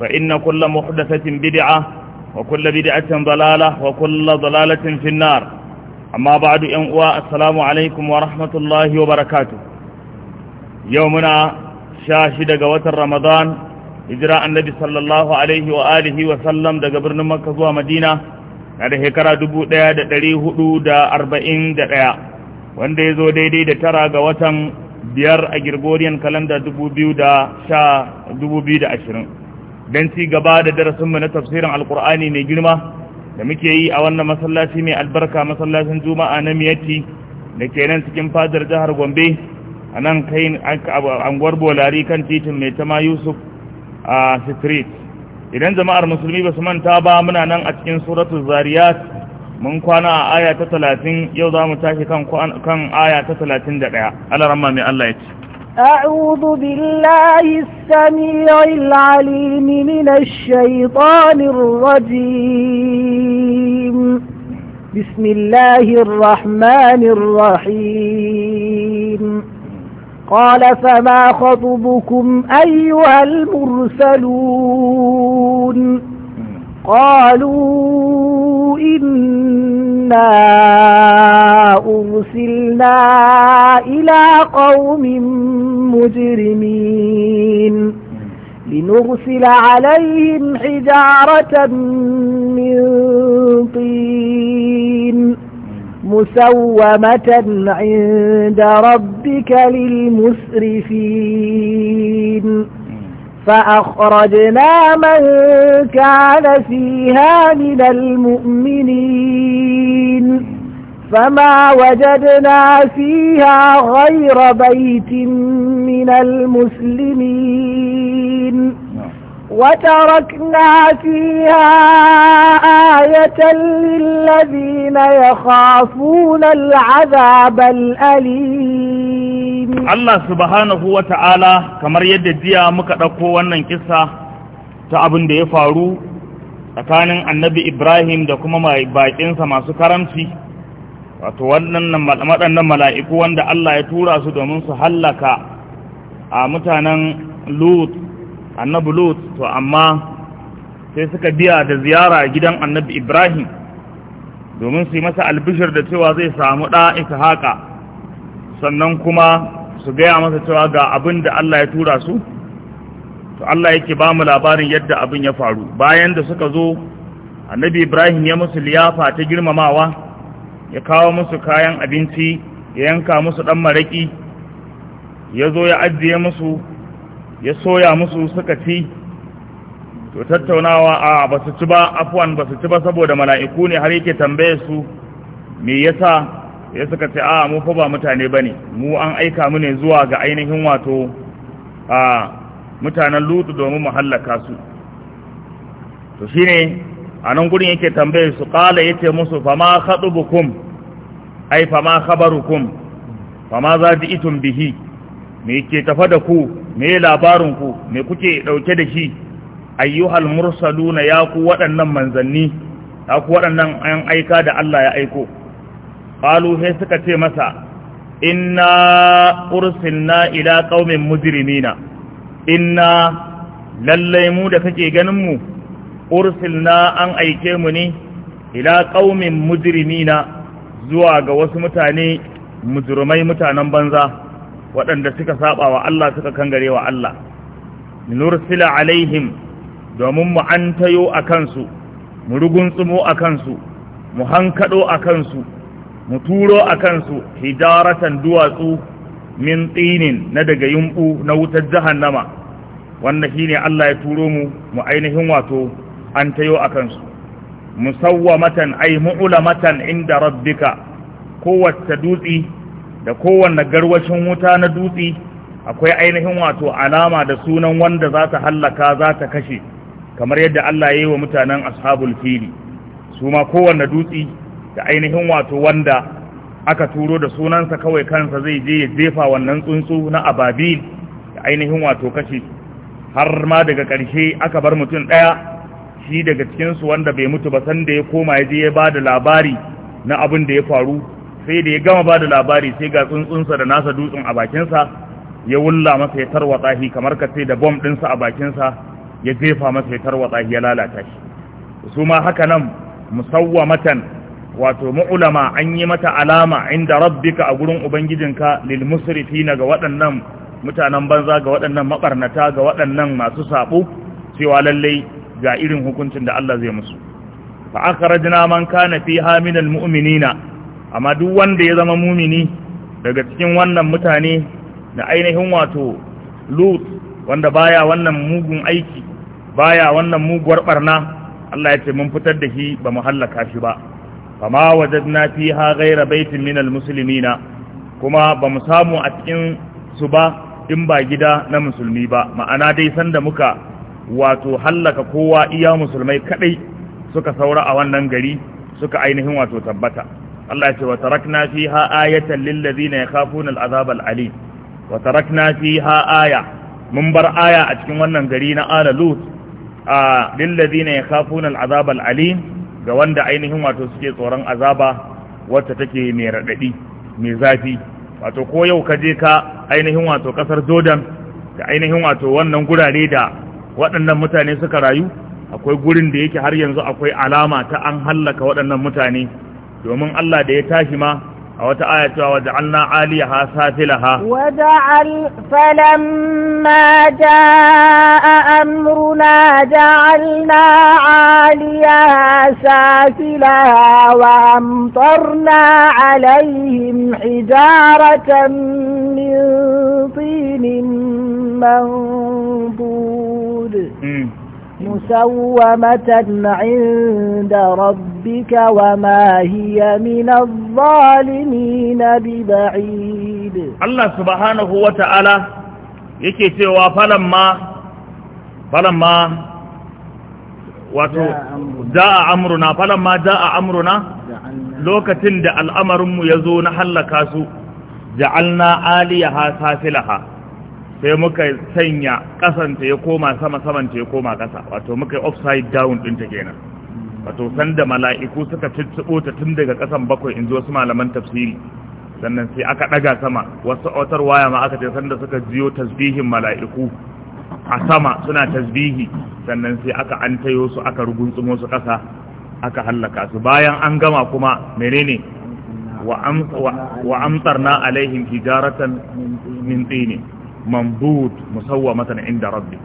فإن كل محدثة بدعة وكل بدعة ضلالة وكل ضلالة في النار أما بعد أنواء السلام عليكم ورحمة الله وبركاته يومنا شاشد قوة رمضان إجراء النبي صلى الله عليه وآله وسلم دا قبرنا مكة ومدينة na da shekara dubu ɗaya da ɗari hudu da arba'in da ɗaya wanda ya zo daidai da tara ga watan biyar a Gregorian kalanda dubu biyu da sha dubu biyu da ashirin don ci gaba da darasinmu na tafsirin alkur'ani mai girma da muke yi a wannan masallaci mai albarka masallacin juma'a na Miyati da ke nan cikin fadar jihar gombe a nan kai anguwar bolari kan titin mai tama yusuf a street idan jama'ar musulmi ba su manta ba muna nan a cikin suratul zariyat mun kwana a aya ta talatin yau za mu tashi kan aya ta talatin da ɗaya alaramma mai allah ya ce أعوذ بالله السميع العليم من الشيطان الرجيم بسم الله الرحمن الرحيم قال فما خطبكم أيها المرسلون قالوا إِنَّا أرسلنا إلى قوم مجرمين لنرسل عليهم حجارة من طين مسومة عند ربك للمسرفين فأخرجنا من كان فيها من المؤمنين فما وجدنا فيها غير بيت من المسلمين وتركنا فيها آية للذين يخافون العذاب الأليم الله سبحانه وتعالى كما يدد جيا مكتقو ونن كسا تعبن دي فارو tsakanin annabi ibrahim da kuma baƙinsa masu karamci wato waɗannan mala'iku wanda Allah ya tura su domin su hallaka a mutanen lut annabi lut to amma sai suka biya da ziyara gidan annabi ibrahim domin su yi masa albishir da cewa zai samu ɗa isa haƙa sannan kuma su gaya masa cewa ga abin da Allah ya tura su to Allah yake ba mu labarin yadda abin ya faru bayan da suka zo annabi ibrahim ya musu liyafa ta girmamawa ya kawo musu kayan abinci ya yanka musu ɗan maraƙi ya zo ya ajiye musu ya soya musu suka ci to tattaunawa a ba su ci ba afuwan ba su ci ba saboda mala'iku ne har yake tambaye su me yasa ya suka ce a mu fa ba mutane ba ne, mu an aika mu ne zuwa ga ainihin wato a mutanen lutu domin mu hallaka su to shine a nan gurin yake tambaye su ƙala ya ce musu fama bukum ai fama habarukum fama za ji itun bihi me ke tafa da ku me labarin ku? me kuke ɗauke da shi ayyuhal mursaluna ya ku waɗannan manzanni ya ku waɗannan an aika da Allah ya aiko ƙalu sai suka ce masa inna ursilna ila qaumin mujrimina inna lallai mu da kake ganin mu ursilna an aike mu ne ila qaumin mujrimina zuwa ga wasu mutane mujrimai mutanen banza waɗanda suka saba wa Allah suka kangare wa Allah nursila alaihim domin mu antayo a kansu mu rugunsumo a kansu mu hankado a kansu mu turo a kansu hijaratan duwatsu min tsinin na daga yumbu na wutar jahannama wannan shine Allah ya turo mu mu ainihin wato an tayo a kansu musawwamatan ay mu'lamatan inda rabbika kowace dutsi da kowanne garwashin wuta na dutsi akwai ainihin wato alama da sunan wanda za ta hallaka za ta kashe kamar yadda Allah ya yi wa mutanen ashabul fili su ma kowanne dutsi da ainihin wato wanda aka turo da sunansa kawai kansa zai je ya jefa wannan tsuntsu na ababil da ainihin wato kashe har ma daga ƙarshe aka bar mutum ɗaya shi daga cikinsu wanda bai mutu ba sanda ya koma ya je ya bada labari na abin da ya faru sai da ya gama bada labari sai ga tsuntsunsa da nasa dutsun a bakinsa ya wulla masa ya tarwatsa shi kamar ka ce da bom ɗinsa a bakinsa ya jefa masa ya tarwatsa shi ya lalata shi su ma haka nan musawwamatan wato mu'ulama an yi mata alama inda rabbika a gurin ubangijinka lil musrifina ga waɗannan mutanen banza ga waɗannan makarnata ga waɗannan masu saɓo cewa lallai ga irin hukuncin da Allah zai musu fa akhrajna man kana fiha min almu'minina amma duk wanda ya zama mumini daga cikin wannan mutane na ainihin wato lut wanda baya wannan mugun aiki baya wannan muguwar barna Allah ya ce mun fitar da shi ba mu hallaka shi ba fama wajadna fiha ghayra baitin min almuslimina kuma ba mu samu a cikin su ba in ba gida na musulmi ba ma'ana dai sanda muka wato hallaka kowa iya musulmai kadai suka saura a wannan gari suka ainihin wato tabbata Allah ya ce wa tarakna fiha ayatan lil ladina yakhafuna al azab al alim wa tarakna fiha aya mun bar aya a cikin wannan gari na ala lut a lil ladina yakhafuna al azab al alim ga wanda ainihin wato suke tsoron azaba wacce take mai radadi mai zafi wato ko yau ka je ka ainihin wato kasar Jordan da ainihin wato wannan gurare da waɗannan mutane suka rayu akwai gurin da yake har yanzu akwai alama ta an hallaka waɗannan mutane domin Allah da ya tashi ma a wata aya cewa waja'alna aliyaha safilaha waja'al falamma jaa amruna ja'alna aliyaha safilaha wa amtarna alaihim hijaratan min tinin manbud الرسل مسومة عند ربك وما هي من الظالمين ببعيد الله سبحانه وتعالى yake cewa falamma falamma wato da'a amruna falamma da'a amruna lokacin da al'amarinmu ya zo na hallaka su ja'alna aliyaha safilaha sai muka sanya kasanta ya koma sama samanta ya koma kasa wato muka yi upside down ɗinta kenan wato sanda mala'iku suka tuttubo tun daga kasan bakwai in zo su malaman tafsiri sannan sai aka ɗaga sama wasu otar waya ma aka ce sanda suka jiyo tasbihin mala'iku a sama suna tasbihi sannan sai aka tayo su aka rugunsumo su kasa aka hallaka su bayan an gama kuma menene wa amsarna alaihim hijaratan min tini mambut musawwamatan inda rabbi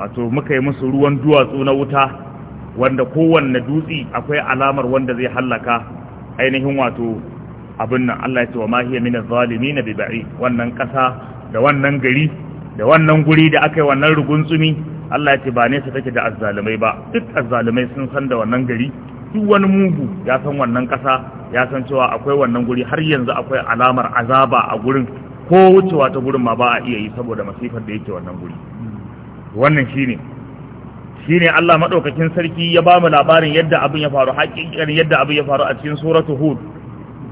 wato muka yi musu ruwan duwatsu na wuta wanda kowanne dutsi akwai alamar wanda zai hallaka ainihin wato abin nan Allah ya ce wa ma hiya min adh bi ba'i wannan kasa da wannan gari da wannan guri da aka yi wannan tsumi Allah ya ce ba ne sa take da azzalumai ba duk azzalumai sun san da wannan gari duk wani mugu ya san wannan kasa ya san cewa akwai wannan guri har yanzu akwai alamar azaba a gurin ko wucewa ta gurin ma ba a iya yi saboda masifar da yake wannan guri wannan shine shine Allah madaukakin sarki ya ba mu labarin yadda abin ya faru hakikan yadda abin ya faru a cikin suratu hud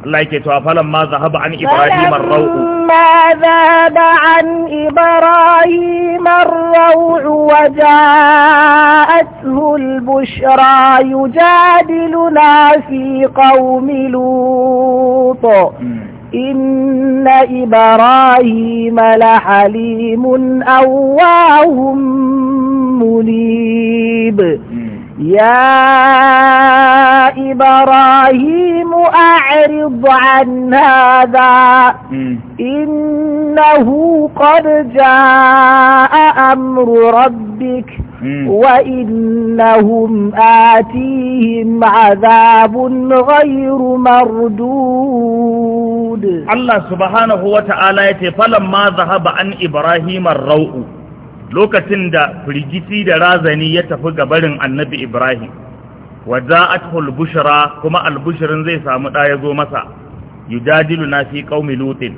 Allah yake cewa falan ma zahaba an ibrahim ar-ra'u ma an ibrahim ar-ra'u wa ja'athu al-bushra yujadiluna fi qaumi lut hmm. إن إبراهيم لحليم أواه منيب يا إبراهيم أعرض عن هذا إنه قد جاء أمر ربك Hmm. وإنهم آتيهم عذاب غير مردود الله سبحانه وتعالى فلما ذهب عن إبراهيم الروء lokacin da firgiti da razani ya tafi ga barin annabi Ibrahim wa za'atul bushra kuma albushirin zai samu da yazo masa yujadilu na fi qaumi lutin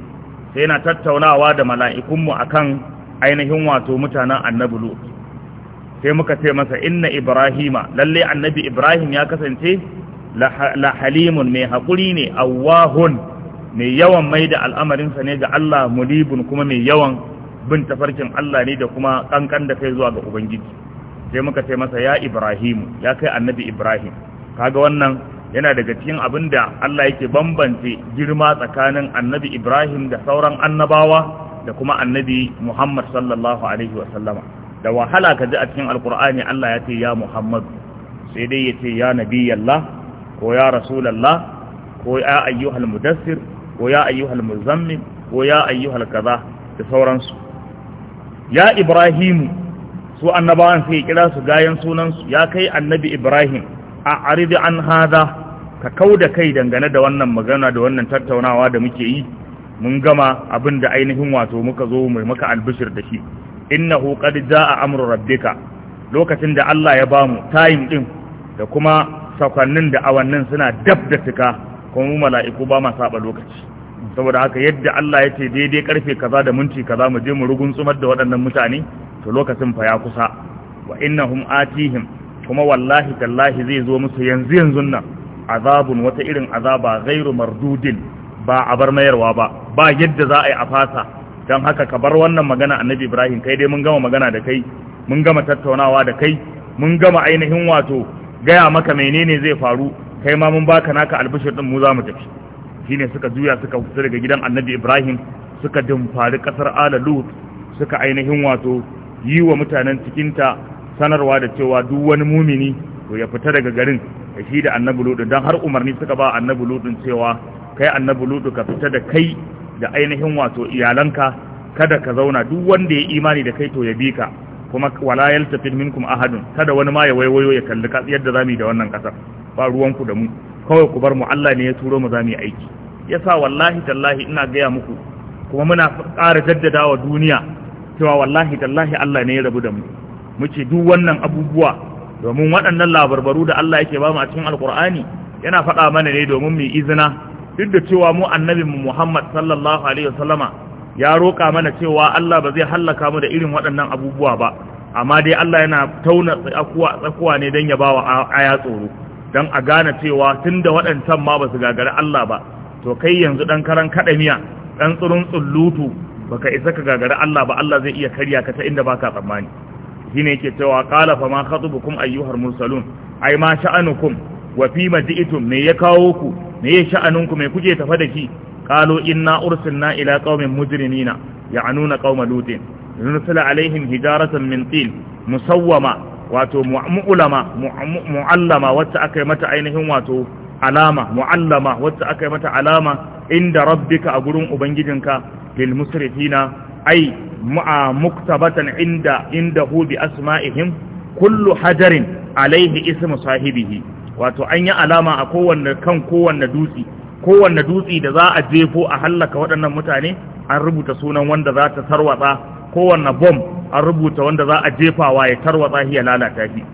sai yana tattaunawa da mala'ikunmu akan ainihin wato mutanen annabi lut sai muka ce masa inna ibrahima lalle annabi ibrahim ya kasance la halimun mai haƙuri ne awahun mai yawan mai da al'amarinsa ne ga Allah mulibun kuma mai yawan bin tafarkin Allah ne da kuma ƙanƙan da kai zuwa ga ubangiji sai muka ce masa ya ibrahimu ya kai annabi ibrahim kaga wannan yana daga cikin abin da Allah yake bambance girma tsakanin annabi ibrahim da sauran annabawa da kuma annabi muhammad sallallahu alaihi wasallama da wahala ka ji a cikin alkur'ani Allah ya ce ya Muhammad sai dai ya ce ya Allah ko ya rasulallah ko ya ayyuhal mudassir ko ya ayyuhal muzammil ko ya ayyuhal kaza da sauransu ya ibrahimu su annabawan sai kira su gayan sunansu ya kai annabi ibrahim a aridi an hada ka da kai dangane da wannan magana da wannan tattaunawa da muke yi mun gama abin da ainihin wato muka zo mai maka albishir da shi innahu qad jaa amru rabbika lokacin da Allah ya bamu time din da kuma sakannin da awannin suna dab da fika kuma mu mala'iku ba ma saba lokaci saboda haka yadda Allah ya ce daidai karfe kaza da minti kaza mu je mu rugun tsumar da waɗannan mutane to lokacin fa ya kusa wa innahum atihim kuma wallahi tallahi zai zo musu yanzu yanzu nan azabun wata irin azaba ghairu mardudin ba a bar mayarwa ba ba yadda za a yi a fasa don haka ka bar wannan magana annabi ibrahim kai dai mun gama magana da kai mun gama tattaunawa da kai mun gama ainihin wato gaya maka menene zai faru kai ma mun baka naka albishir din mu za mu tafi shine suka juya suka fita daga gidan annabi ibrahim suka dumfari kasar ala lut suka ainihin wato yi wa mutanen cikinta sanarwa da cewa duk wani mumini to ya fita daga garin da shi da annabi lut don har umarni suka ba annabi lut cewa kai annabi lut ka fita da kai da ainihin wato iyalanka kada ka zauna duk wanda ya imani da kai to ya bi ka kuma wala yaltafid minkum ahadun kada wani ma ya waiwayo ya kalli ka yadda zamu da wannan kasar ba ruwanku da mu kawai ku bar mu Allah ne ya turo mu zamu aiki yasa wallahi tallahi ina gaya muku kuma muna ƙara jaddadawa duniya cewa wallahi tallahi Allah ne ya rabu da mu muke duk wannan abubuwa domin waɗannan labarbaru da Allah yake ba mu a cikin alkur'ani yana faɗa mana ne domin mu izina duk da cewa mu annabi Muhammad sallallahu alaihi wasallama ya roƙa mana cewa Allah ba zai hallaka mu da irin waɗannan abubuwa ba amma dai Allah yana tauna tsakuwa tsakuwa ne dan ya ba wa aya tsoro don a gane cewa tun da waɗancan ma ba su gagari Allah ba to kai yanzu ɗan karan miya ɗan tsurun tsullutu baka isa ka gagari Allah ba Allah zai iya karya ka ta inda baka tsammani shine yake cewa qala fa ma khatubukum ayyuhal mursalun ai ma sha'anukum wa fi maji'itum me ya kawo ku me ya ku me kuke tafa da shi qalu inna ursilna ila qaumin mujrimina ya'nuna qauma lutin nursila alaihim hijaratan min tin musawwama wato mu'allama mu'allama wacce aka yi mata ainihin wato alama mu'allama wacce aka yi mata alama inda rabbika a gurin ubangijinka lil musrifina ai ma'a muktabatan inda inda hu bi asma'ihim kullu hajarin alaihi ismu sahibihi wato an yi alama a kowanne kan kowanne dutse kowanne dutse da za a jefo a hallaka waɗannan mutane an rubuta sunan wanda za ta tarwatsa kowanne bom an rubuta wanda za a jefawa ya tarwatsa shi ya lalata shi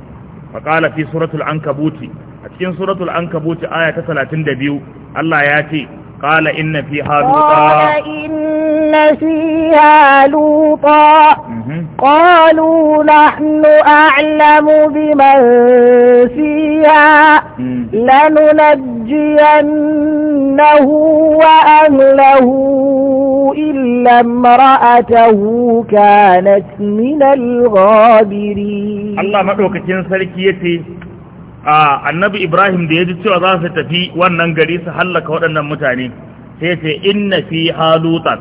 faqala fi suratul ankabuti a cikin suratul ankabuti aya ta 32 Allah ya ce قال إن فيها لوطا قال إن فيها لوطا قالوا نحن أعلم بمن فيها لننجينه وأهله إلا امرأته كانت من الغابرين الله تنسلك يتي A annabi ibrahim da ya ji cewa za su tafi wannan gari su hallaka waɗannan mutane sai ce inna fi halutan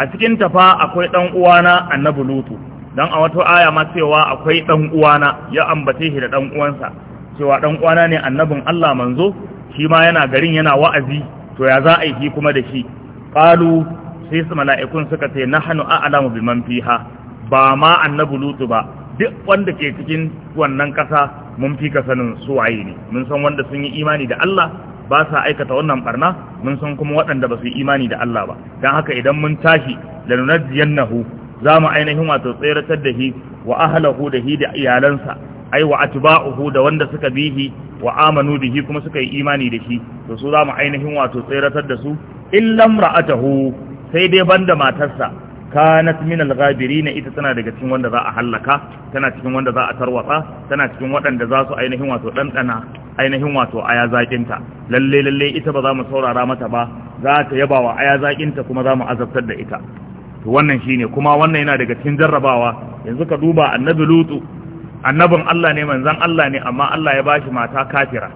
a cikin tafa akwai ɗan uwana annabi lutu dan a wato aya ma cewa akwai ɗan uwana ya ambace shi da ɗan uwansa cewa ɗan uwana ne annabin allah manzo shi ma yana garin yana wa'azi to ya za a yi kuma da shi qalu sai su mala'ikun suka ce na hannu a alamu biman fiha ba ma annabi lutu ba duk wanda ke cikin wannan ƙasa mun fi ka sanin su waye ne mun san wanda sun yi imani da Allah ba sa aikata wannan barna mun san kuma waɗanda ba su yi imani da Allah ba dan haka idan mun tashi lanunajjiyannahu za mu ainihin wato tseratar da shi wa ahlahu da shi da iyalansa ai wa atba'uhu da wanda suka bihi wa amanu bihi kuma suka yi imani da shi to su za mu ainihin wato tseratar da su illam ra'atahu sai dai banda matarsa kanat min al-ghabirin ita tana daga cikin wanda za a halaka tana cikin wanda za a tarwata tana cikin waɗanda za su ainihin wato dandana ainihin wato aya zakinta lalle lalle ita ba za mu saurara mata ba za ta yaba wa aya zakinta kuma za mu azabtar da ita to wannan shine kuma wannan yana daga cikin jarrabawa yanzu ka duba annabi lutu annabin Allah ne manzon Allah ne amma Allah ya bashi mata kafira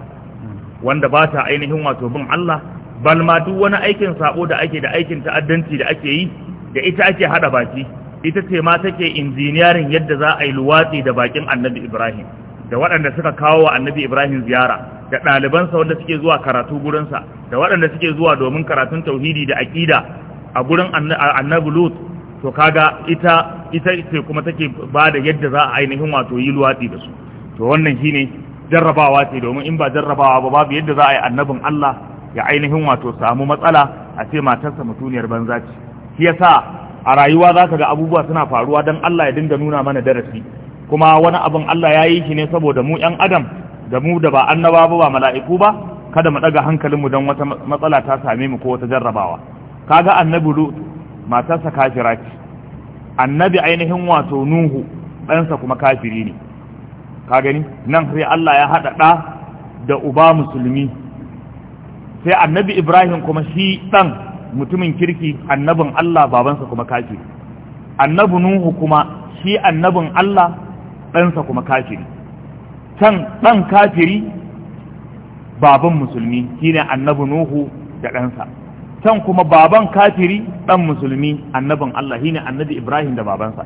wanda ba ta ainihin wato bin Allah bal ma duk wani aikin sabo da ake da aikin ta'addanci da ake yi da ita ake hada baki ita ce ma take injiniyarin yadda za a yi luwatsi da bakin annabi ibrahim da waɗanda suka kawo wa annabi ibrahim ziyara da ɗalibansa wanda suke zuwa karatu gurinsa da waɗanda suke zuwa domin karatun tauhidi da aƙida a gurin annabi lut to kaga ita ita ce kuma take ba da yadda za a ainihin wato yi luwatsi da su to wannan shine jarrabawa ce domin in ba jarrabawa ba babu yadda za a yi annabin allah ya ainihin wato samu matsala a ce matarsa mutuniyar banza ce shi yasa a rayuwa za zaka ga abubuwa suna faruwa don Allah ya dinga nuna mana darasi kuma wani abin Allah ya yi shi ne saboda mu yan adam da mu da ba annaba ba ba mala'iku ba kada mu ɗaga hankalinmu don wata matsala ta same mu ko wata jarrabawa kaga annabi lut matarsa kafira ce annabi ainihin wato nuhu ɗansa kuma kafiri ne ka gani nan sai Allah ya haɗa ɗa da uba musulmi sai annabi ibrahim kuma shi ɗan mutumin kirki annabin Allah babansa kuma kafiri annabi nuhu kuma shi annabin Allah ɗansa kuma kafiri can ɗan kafiri baban musulmi shine annabi nuhu da ɗansa can kuma baban kafiri ɗan musulmi annabin Allah shine annabi Ibrahim da babansa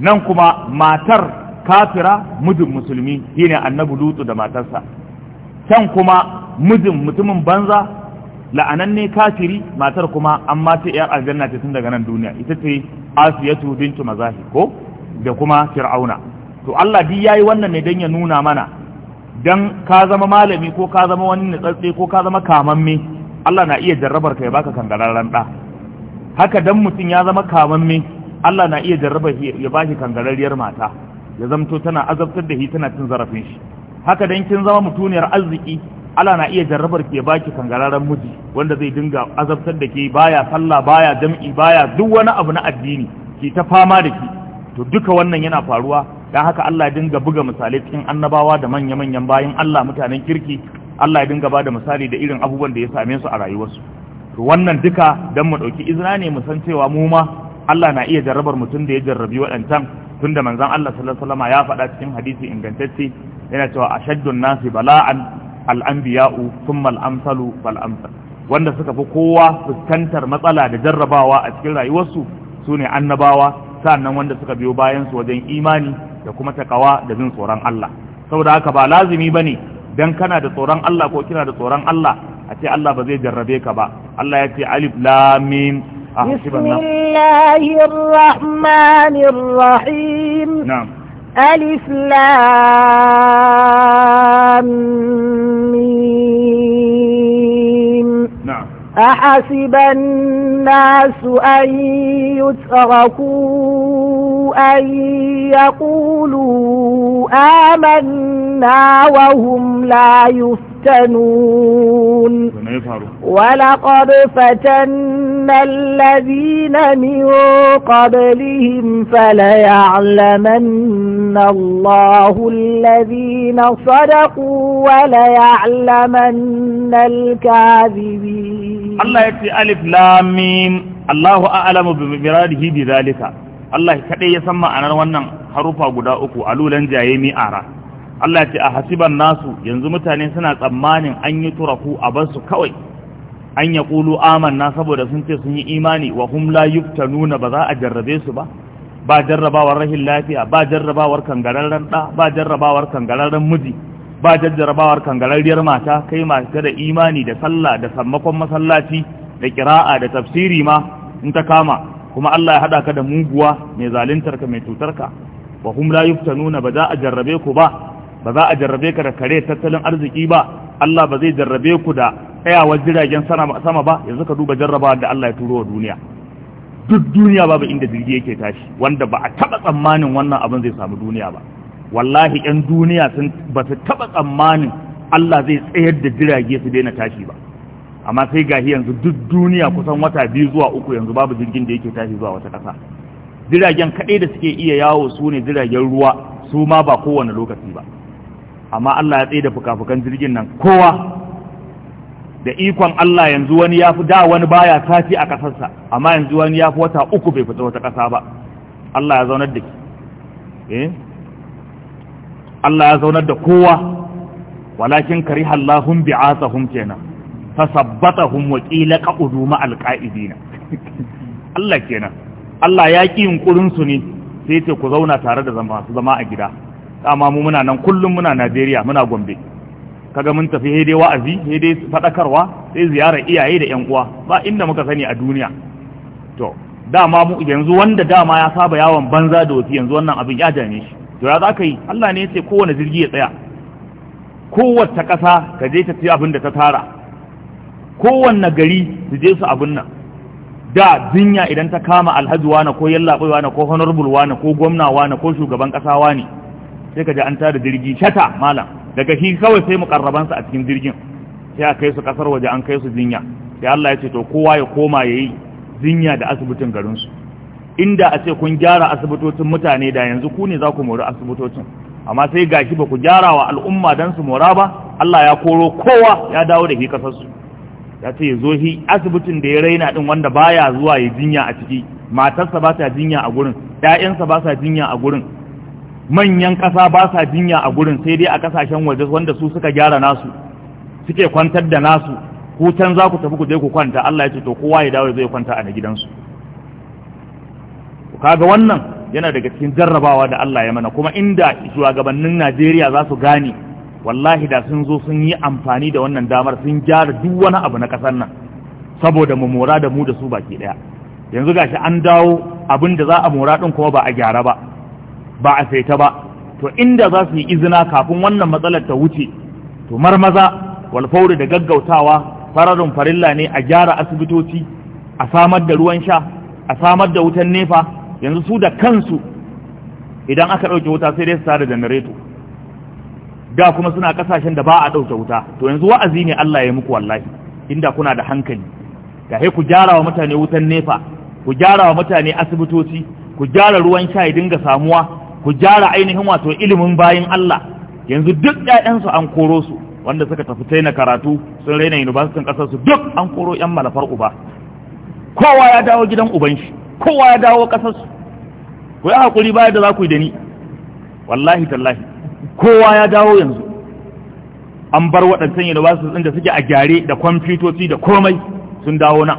nan kuma matar kafira mudin musulmi shine annabi Lutu da matarsa can kuma mudin mutumin banza la'ananne kafiri matar kuma an mace yar aljanna ce tun daga nan duniya ita ce asiyatu bintu mazahi ko da kuma fir'auna to Allah duk yayi wannan ne dan ya nuna mana dan ka zama malami ko ka zama wani natsatse ko ka zama kamamme Allah na iya jarrabar ka ya baka kangararren da haka dan mutum ya zama kamamme Allah na iya jarrabar ya baki kangararriyar mata ya zamto tana azabtar da shi tana cin zarafin shi haka dan kin zama mutuniyar arziki Allah na iya jarrabar ke baki kangararren miji wanda zai dinga azabtar da ke baya sallah baya jam'i baya duk wani abu na addini ki ta fama da ki to duka wannan yana faruwa dan haka Allah ya dinga buga misalai cikin annabawa da manya-manyan bayan Allah mutanen kirki Allah ya dinga bada misali da irin abubuwan da ya same su a rayuwarsu to wannan duka dan mu dauki izina ne mu san cewa mu ma Allah na iya jarrabar mutum da ya jarrabi waɗancan tunda manzon Allah sallallahu alaihi wasallam ya faɗa cikin hadisi ingantacce yana cewa ashaddun nasi bala'an al'anbiya'u thumma al'amsalu fal wanda suka fi kowa fuskantar matsala da jarrabawa a cikin rayuwarsu sune annabawa sannan wanda suka biyo bayan su wajen imani da kuma takawa da jin tsoron Allah saboda haka ba lazimi ne dan kana da tsoron Allah ko kina da tsoron Allah a ce Allah ba zai jarrabe ka ba Allah ya ce alif lam mim بسم ah, nan ألف لام نعم أحسب الناس أن يتركوا أن يقولوا آمنا وهم لا يفتحون يفتنون ولقد فتنا الذين من قبلهم فليعلمن الله الذين صدقوا وليعلمن الكاذبين الله يكفي ألف لامين الله أعلم بمراده بذلك الله كده يسمى أنا وانا حروفا قداؤكو ألولا جايمي أعرى Allah ce a hasiban nasu yanzu mutane suna tsammanin an yi turaku a bar su kawai an ya ƙulu amanna saboda sun ce sun yi imani wa hum la yuftanuna ba za a jarrabe su ba ba jarrabawar rahin lafiya ba jarrabawar kangararren ɗa ba jarrabawar kangararren miji ba jarrabawar kangararriyar mata kai mata da imani da sallah da sammakon masallaci da kira'a da tafsiri ma in ta kama kuma Allah ya haɗa ka da muguwa mai zaluntar ka mai cutar ka wa hum la yuftanuna ba za a jarrabe ku ba ba za a jarrabe ka da kare tattalin arziki ba Allah ba zai jarrabe ku da tsayawar jiragen sama ba yanzu ka duba jarraba da Allah ya turo wa duniya duk duniya babu inda jirgi yake tashi wanda ba a taba tsammanin wannan abin zai samu duniya ba wallahi yan duniya sun ba su taba tsammanin Allah zai tsayar da jirage su daina tashi ba amma sai gahi yanzu duk duniya kusan wata biyu zuwa uku yanzu babu jirgin da yake tashi zuwa wata ƙasa jiragen kaɗai da suke iya yawo su ne jiragen ruwa su ma ba kowane lokaci ba amma Allah ya tsaye da fuka-fukan jirgin nan kowa da ikon Allah yanzu wani ya fi da wani baya sati a ƙasarsa amma yanzu wani ya fi wata uku bai fita wata ƙasa ba Allah ya zaunar da ke eh Allah ya zaunar da kowa walakin kariha Allahum bi'asahum kenan fasabbatahum wa qila qaqudu ma alqa'idina Allah kenan Allah ya ki yunkurin su ne sai ce ku zauna tare da zama su zama a gida amma mu muna nan kullum muna Najeriya muna Gombe kaga mun tafi dai wa'azi hede fadakarwa sai ziyara iyaye da yan uwa ba inda muka sani a duniya to dama mu yanzu wanda dama ya saba yawon banza da wasu yanzu wannan abin ya dame shi to ya zaka yi Allah ne yace kowane jirgi ya tsaya kowace ƙasa ka je ta ci abin da ta tara kowanne gari su je su abin nan da jinya idan ta kama alhaji wane ko yallaɓai wane ko honorable wane ko gwamna wane ko shugaban ƙasa ne. sai ka ji an tada jirgi shata malam daga shi kawai sai mukarrabansa a cikin jirgin sai a kai su kasar waje an kai su jinya sai Allah ya ce to kowa ya koma ya yi jinya da asibitin garinsu inda a ce kun gyara asibitocin mutane da yanzu ku ne za ku mori asibitocin amma sai gashi ba ku gyara wa al'umma dan su mora ba Allah ya koro kowa ya dawo da ke kasarsu ya ce ya zo hi asibitin da ya raina din wanda baya zuwa ya jinya a ciki matarsa ba ta jinya a gurin 'ya'yansa ba sa jinya a gurin manyan ƙasa ba sa jinya a gurin sai dai a ƙasashen waje wanda su suka gyara nasu suke kwantar da nasu ku can za ku tafi ku je ku kwanta Allah ya ce to kowa ya dawo zai kwanta a na gidansu kaga wannan yana daga cikin jarrabawa da Allah ya mana kuma inda shugabannin Najeriya za su gane wallahi da sun zo sun yi amfani da wannan damar sun gyara duk wani abu na ƙasar nan saboda mu mora da mu da su baki ɗaya yanzu gashi an dawo abin da za a mora ɗin kuma ba a gyara ba ba a saita ba to inda za su yi izina kafin wannan matsalar ta wuce to marmaza walfauri da gaggautawa fararin farilla ne a gyara asibitoci a samar da ruwan sha a samar da wutan nefa yanzu su da kansu idan aka ɗauke wuta sai dai su da janareto da kuma suna kasashen da ba a ɗauke wuta to yanzu wa'azi ne Allah ya muku wallahi inda kuna da hankali da ku gyara wa mutane wutan nefa ku gyara wa mutane asibitoci ku gyara ruwan sha ya dinga samuwa ku jara ainihin wato ilimin bayin Allah yanzu duk ƴaƴansu an koro su wanda suka tafi taina karatu sun raina universitin ƙasar su duk an koro ƴan malafar uba kowa ya dawo gidan uban shi kowa ya dawo ƙasar su ku yi hakuri baya da za ku yi da ni wallahi tallahi kowa ya dawo yanzu an bar waɗancan universitin ɗin da suke a gyare da kwamfutoci da komai sun dawo nan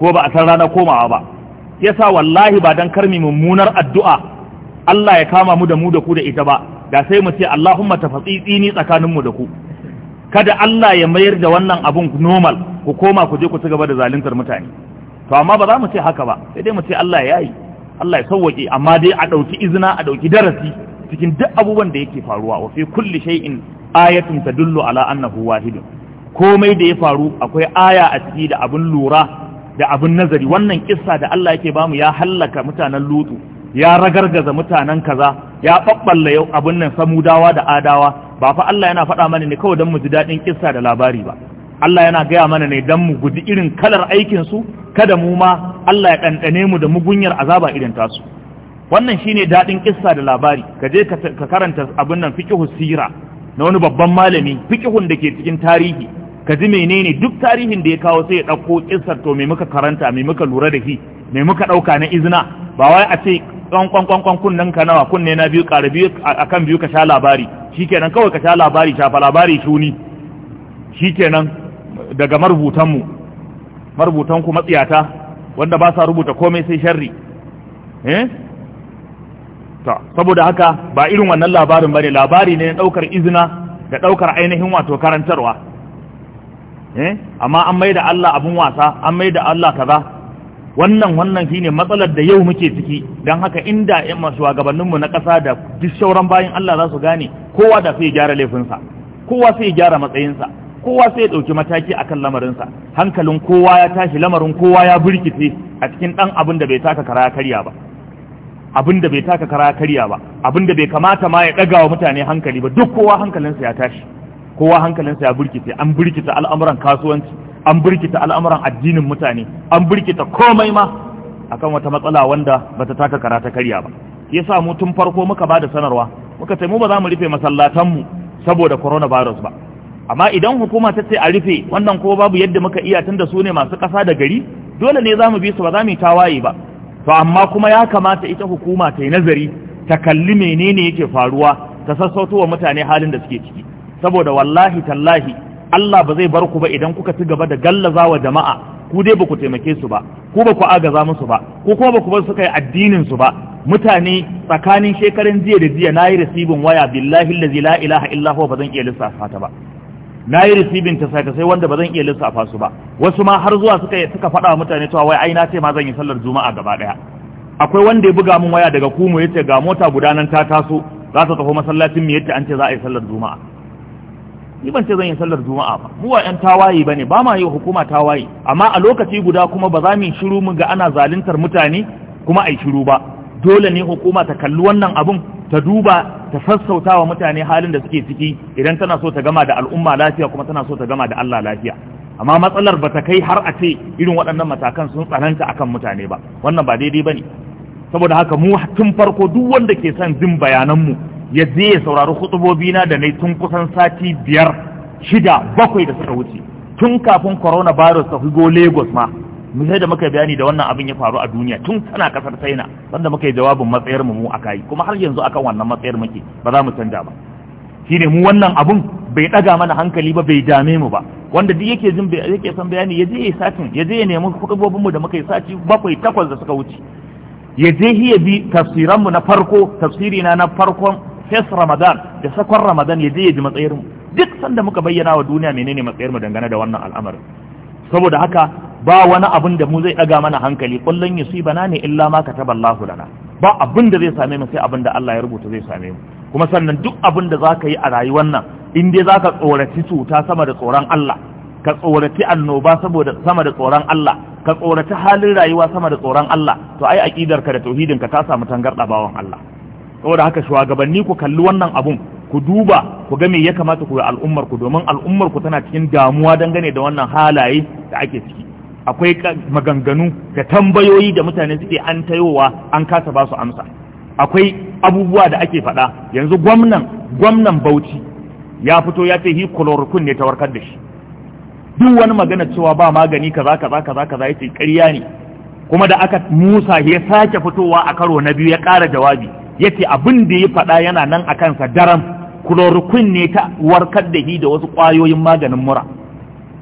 ko ba a san rana komawa ba yasa wallahi ba dan karmi mummunar addu'a Allah ya kama mu da mu da ku da ita ba da sai mu ce Allahumma tafatsitsi ni tsakanin mu da ku kada Allah ya mayar da wannan abun normal ku koma ku je ku ci gaba da zaluntar mutane to amma ba za mu ce haka ba sai dai mu ce Allah ya yi Allah ya sauwake amma dai a ɗauki izina a ɗauki darasi cikin duk abubuwan da yake faruwa wa fi kulli shay'in ayatun tadullu ala annahu wahidun komai da ya faru akwai aya a ciki da abun lura da abun nazari wannan kissa da Allah yake bamu ya hallaka mutanen lutu ya ragargaza mutanen kaza ya babballa yau abin nan samudawa da adawa ba fa Allah yana faɗa mana ne kawai don mu ji daɗin kissa da labari ba Allah yana gaya mana ne don mu guji irin kalar aikin su kada mu ma Allah ya ɗanɗane mu da mugunyar azaba irin tasu wannan shine daɗin kissa da labari ka je ka karanta abin nan fiqhu sira na wani babban malami fiqhun da ke cikin tarihi ka ji menene duk tarihin da ya kawo sai ya ɗauko kissar to me muka karanta me muka lura da shi me muka ɗauka na izina ba wai a ce kwankwankwankwan kunnen ka nawa kunne na biyu ƙara biyu a kan biyu ka sha labari shi kenan kawai ka sha labari shafa labari shuni kenan daga marubutanmu marubutan ku matsiyata wanda ba sa rubuta komai sai sharri eh? ta saboda haka ba irin wannan labarin ba ne labari ne na ɗaukar izina da ɗaukar ainihin wato karantarwa eh? amma an maida Allah abun wasa an maida Allah kaza wannan wannan shine matsalar da yau muke ciki don haka inda yan shugabanninmu na ƙasa da duk shauran bayan Allah za su gane kowa da sai gyara laifinsa kowa sai gyara matsayinsa kowa sai ya ɗauki mataki a kan lamarinsa hankalin kowa ya tashi lamarin kowa ya burkice a cikin ɗan abin da bai taka kara karya ba abin da bai taka kara karya ba abin da bai kamata ma ya ɗaga wa mutane hankali ba duk kowa hankalinsa ya tashi kowa hankalinsa ya burkice an burkice al'amuran kasuwanci an birkita al'amuran addinin mutane an birkita komai ma akan wata matsala wanda bata taka karata karya ba yasa mu tun farko muka ba da sanarwa muka ce mu ba za mu rufe masallatan mu saboda coronavirus ba amma idan hukuma ta ce a rufe wannan ko babu yadda muka iya tunda su ne masu kasa da gari dole ne za mu bi su ba za mu tawaye ba to amma kuma ya kamata ita hukuma ta yi nazari ta kalli menene yake faruwa ta sassauto wa mutane halin da suke ciki saboda wallahi tallahi Allah ba zai bar ku ba idan kuka ci gaba da gallazawa jama'a ku dai ba ku taimake su ba ku ba ku agaza musu ba ko kuma ba ku bar su kai addinin su ba mutane tsakanin shekaran jiya da jiya nayi resibin waya billahi allazi la ilaha illa huwa bazan iya lissafa ta ba nayi resibin ta sai sai wanda bazan iya lissafa su ba wasu ma har zuwa suka suka wa mutane cewa wai ai na ce ma zan yi sallar juma'a gaba daya akwai wanda ya buga min waya daga kumo yace ga mota gudanar ta taso za ta tafi masallacin mu yace an ce za a yi sallar juma'a ni ban ce zan yi sallar juma'a ba mu wa yan tawaye bane ba ma yi hukuma tawaye amma a lokaci guda kuma ba za mu shiru mu ga ana zaluntar mutane kuma ai shiru ba dole ne hukuma ta kalli wannan abun ta duba ta sassauta wa mutane halin da suke ciki idan tana so ta gama da al'umma lafiya kuma tana so ta gama da Allah lafiya amma matsalar ba ta kai har a ce irin waɗannan matakan sun tsananta akan mutane ba wannan ba daidai bane saboda haka mu tun farko duk wanda ke son jin bayananmu ya je ya saurari hutubobi na da nai tun kusan sati biyar shida bakwai da suka wuce tun kafin coronavirus ta higo lagos ma mu sai da muka bayani da wannan abin ya faru a duniya tun tana kasar china wanda muka yi jawabin matsayar mu a kai kuma har yanzu akan wannan matsayar muke ba za mu canja ba shine mu wannan abun bai daga mana hankali ba bai dame mu ba wanda duk yake jin yake son bayani ya je ya satin ya je ya nemi kudubobin mu da muka yi sati bakwai takwas da suka wuce ya je hiya bi tafsiran na farko tafsiri na na farkon fes ramadan da sakon ramadan ya je ya ji mu duk sanda muka bayyana wa duniya menene mu dangane da wannan al'amarin saboda haka ba wani abun da mu zai daga mana hankali kullun yusibana ne illa ma kataba Allahu lana ba abin da zai same mu sai abin da Allah ya rubuta zai same mu kuma sannan duk abin da zaka yi a rayuwar nan in dai zaka tsorati cuta sama da tsoron Allah ka tsorati annoba saboda sama da tsoron Allah ka tsorati halin rayuwa sama da tsoron Allah to ai aqidarka da tauhidin ta samu tangarda bawan Allah saboda haka shugabanni ku kalli wannan abun ku duba ku ga me ya kamata ku yi al'ummar ku domin al'ummar ku tana cikin damuwa dangane da wannan halaye da ake ciki akwai maganganu da tambayoyi da mutane suke an tayowa an kasa ba su amsa akwai abubuwa da ake faɗa yanzu gwamnan gwamnan Bauchi ya fito ya ce hi ne ta warkar da shi duk wani magana cewa ba magani kaza kaza kaza kaza yace ƙarya ne kuma da aka Musa ya sake fitowa a karo na biyu ya ƙara jawabi Ya ce abin da ya faɗa yana nan a kansa daram kulorokun ne ta warkar da shi da wasu ƙwayoyin maganin mura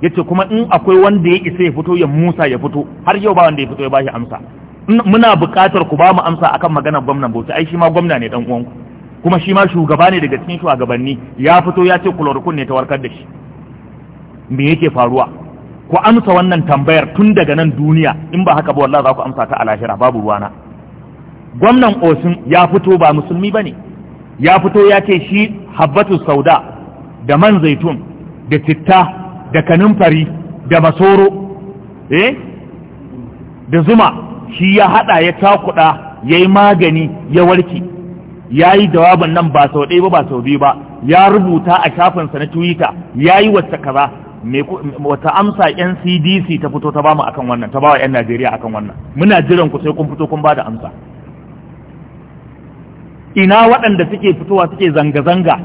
yace kuma in akwai wanda ya isa ya fito ya musa ya fito har yau ba wanda ya fito ya bashi amsa muna buƙatar ku ba mu amsa akan maganar gwamnan Bauchi ai shi ma gwamna ne dan uwanku kuma shi ma shugaba ne daga cikin shugabanni ya fito ya ce kulorokun ne ta warkar da shi me yake faruwa ku amsa wannan tambayar tun daga nan duniya in ba haka ba wallahi za ku amsa ta a lahira babu ruwana gwamnan osun ya fito ba musulmi ba ne ya fito ya ce shi habbatu sauda da man zaitun da citta da kanumfari da masoro eh da zuma shi ya haɗa ya takuda ya yi magani ya warke ya yi jawabin nan ba sau ɗaya ba sau biyu ba ya rubuta a shafinsa na twitter ya yi wata kaza wata amsa yan ta fito ta bamu akan wannan ta bawa yan najeriya akan wannan muna jiran ku sai kun fito kun bada amsa ina waɗanda suke fitowa suke zanga-zanga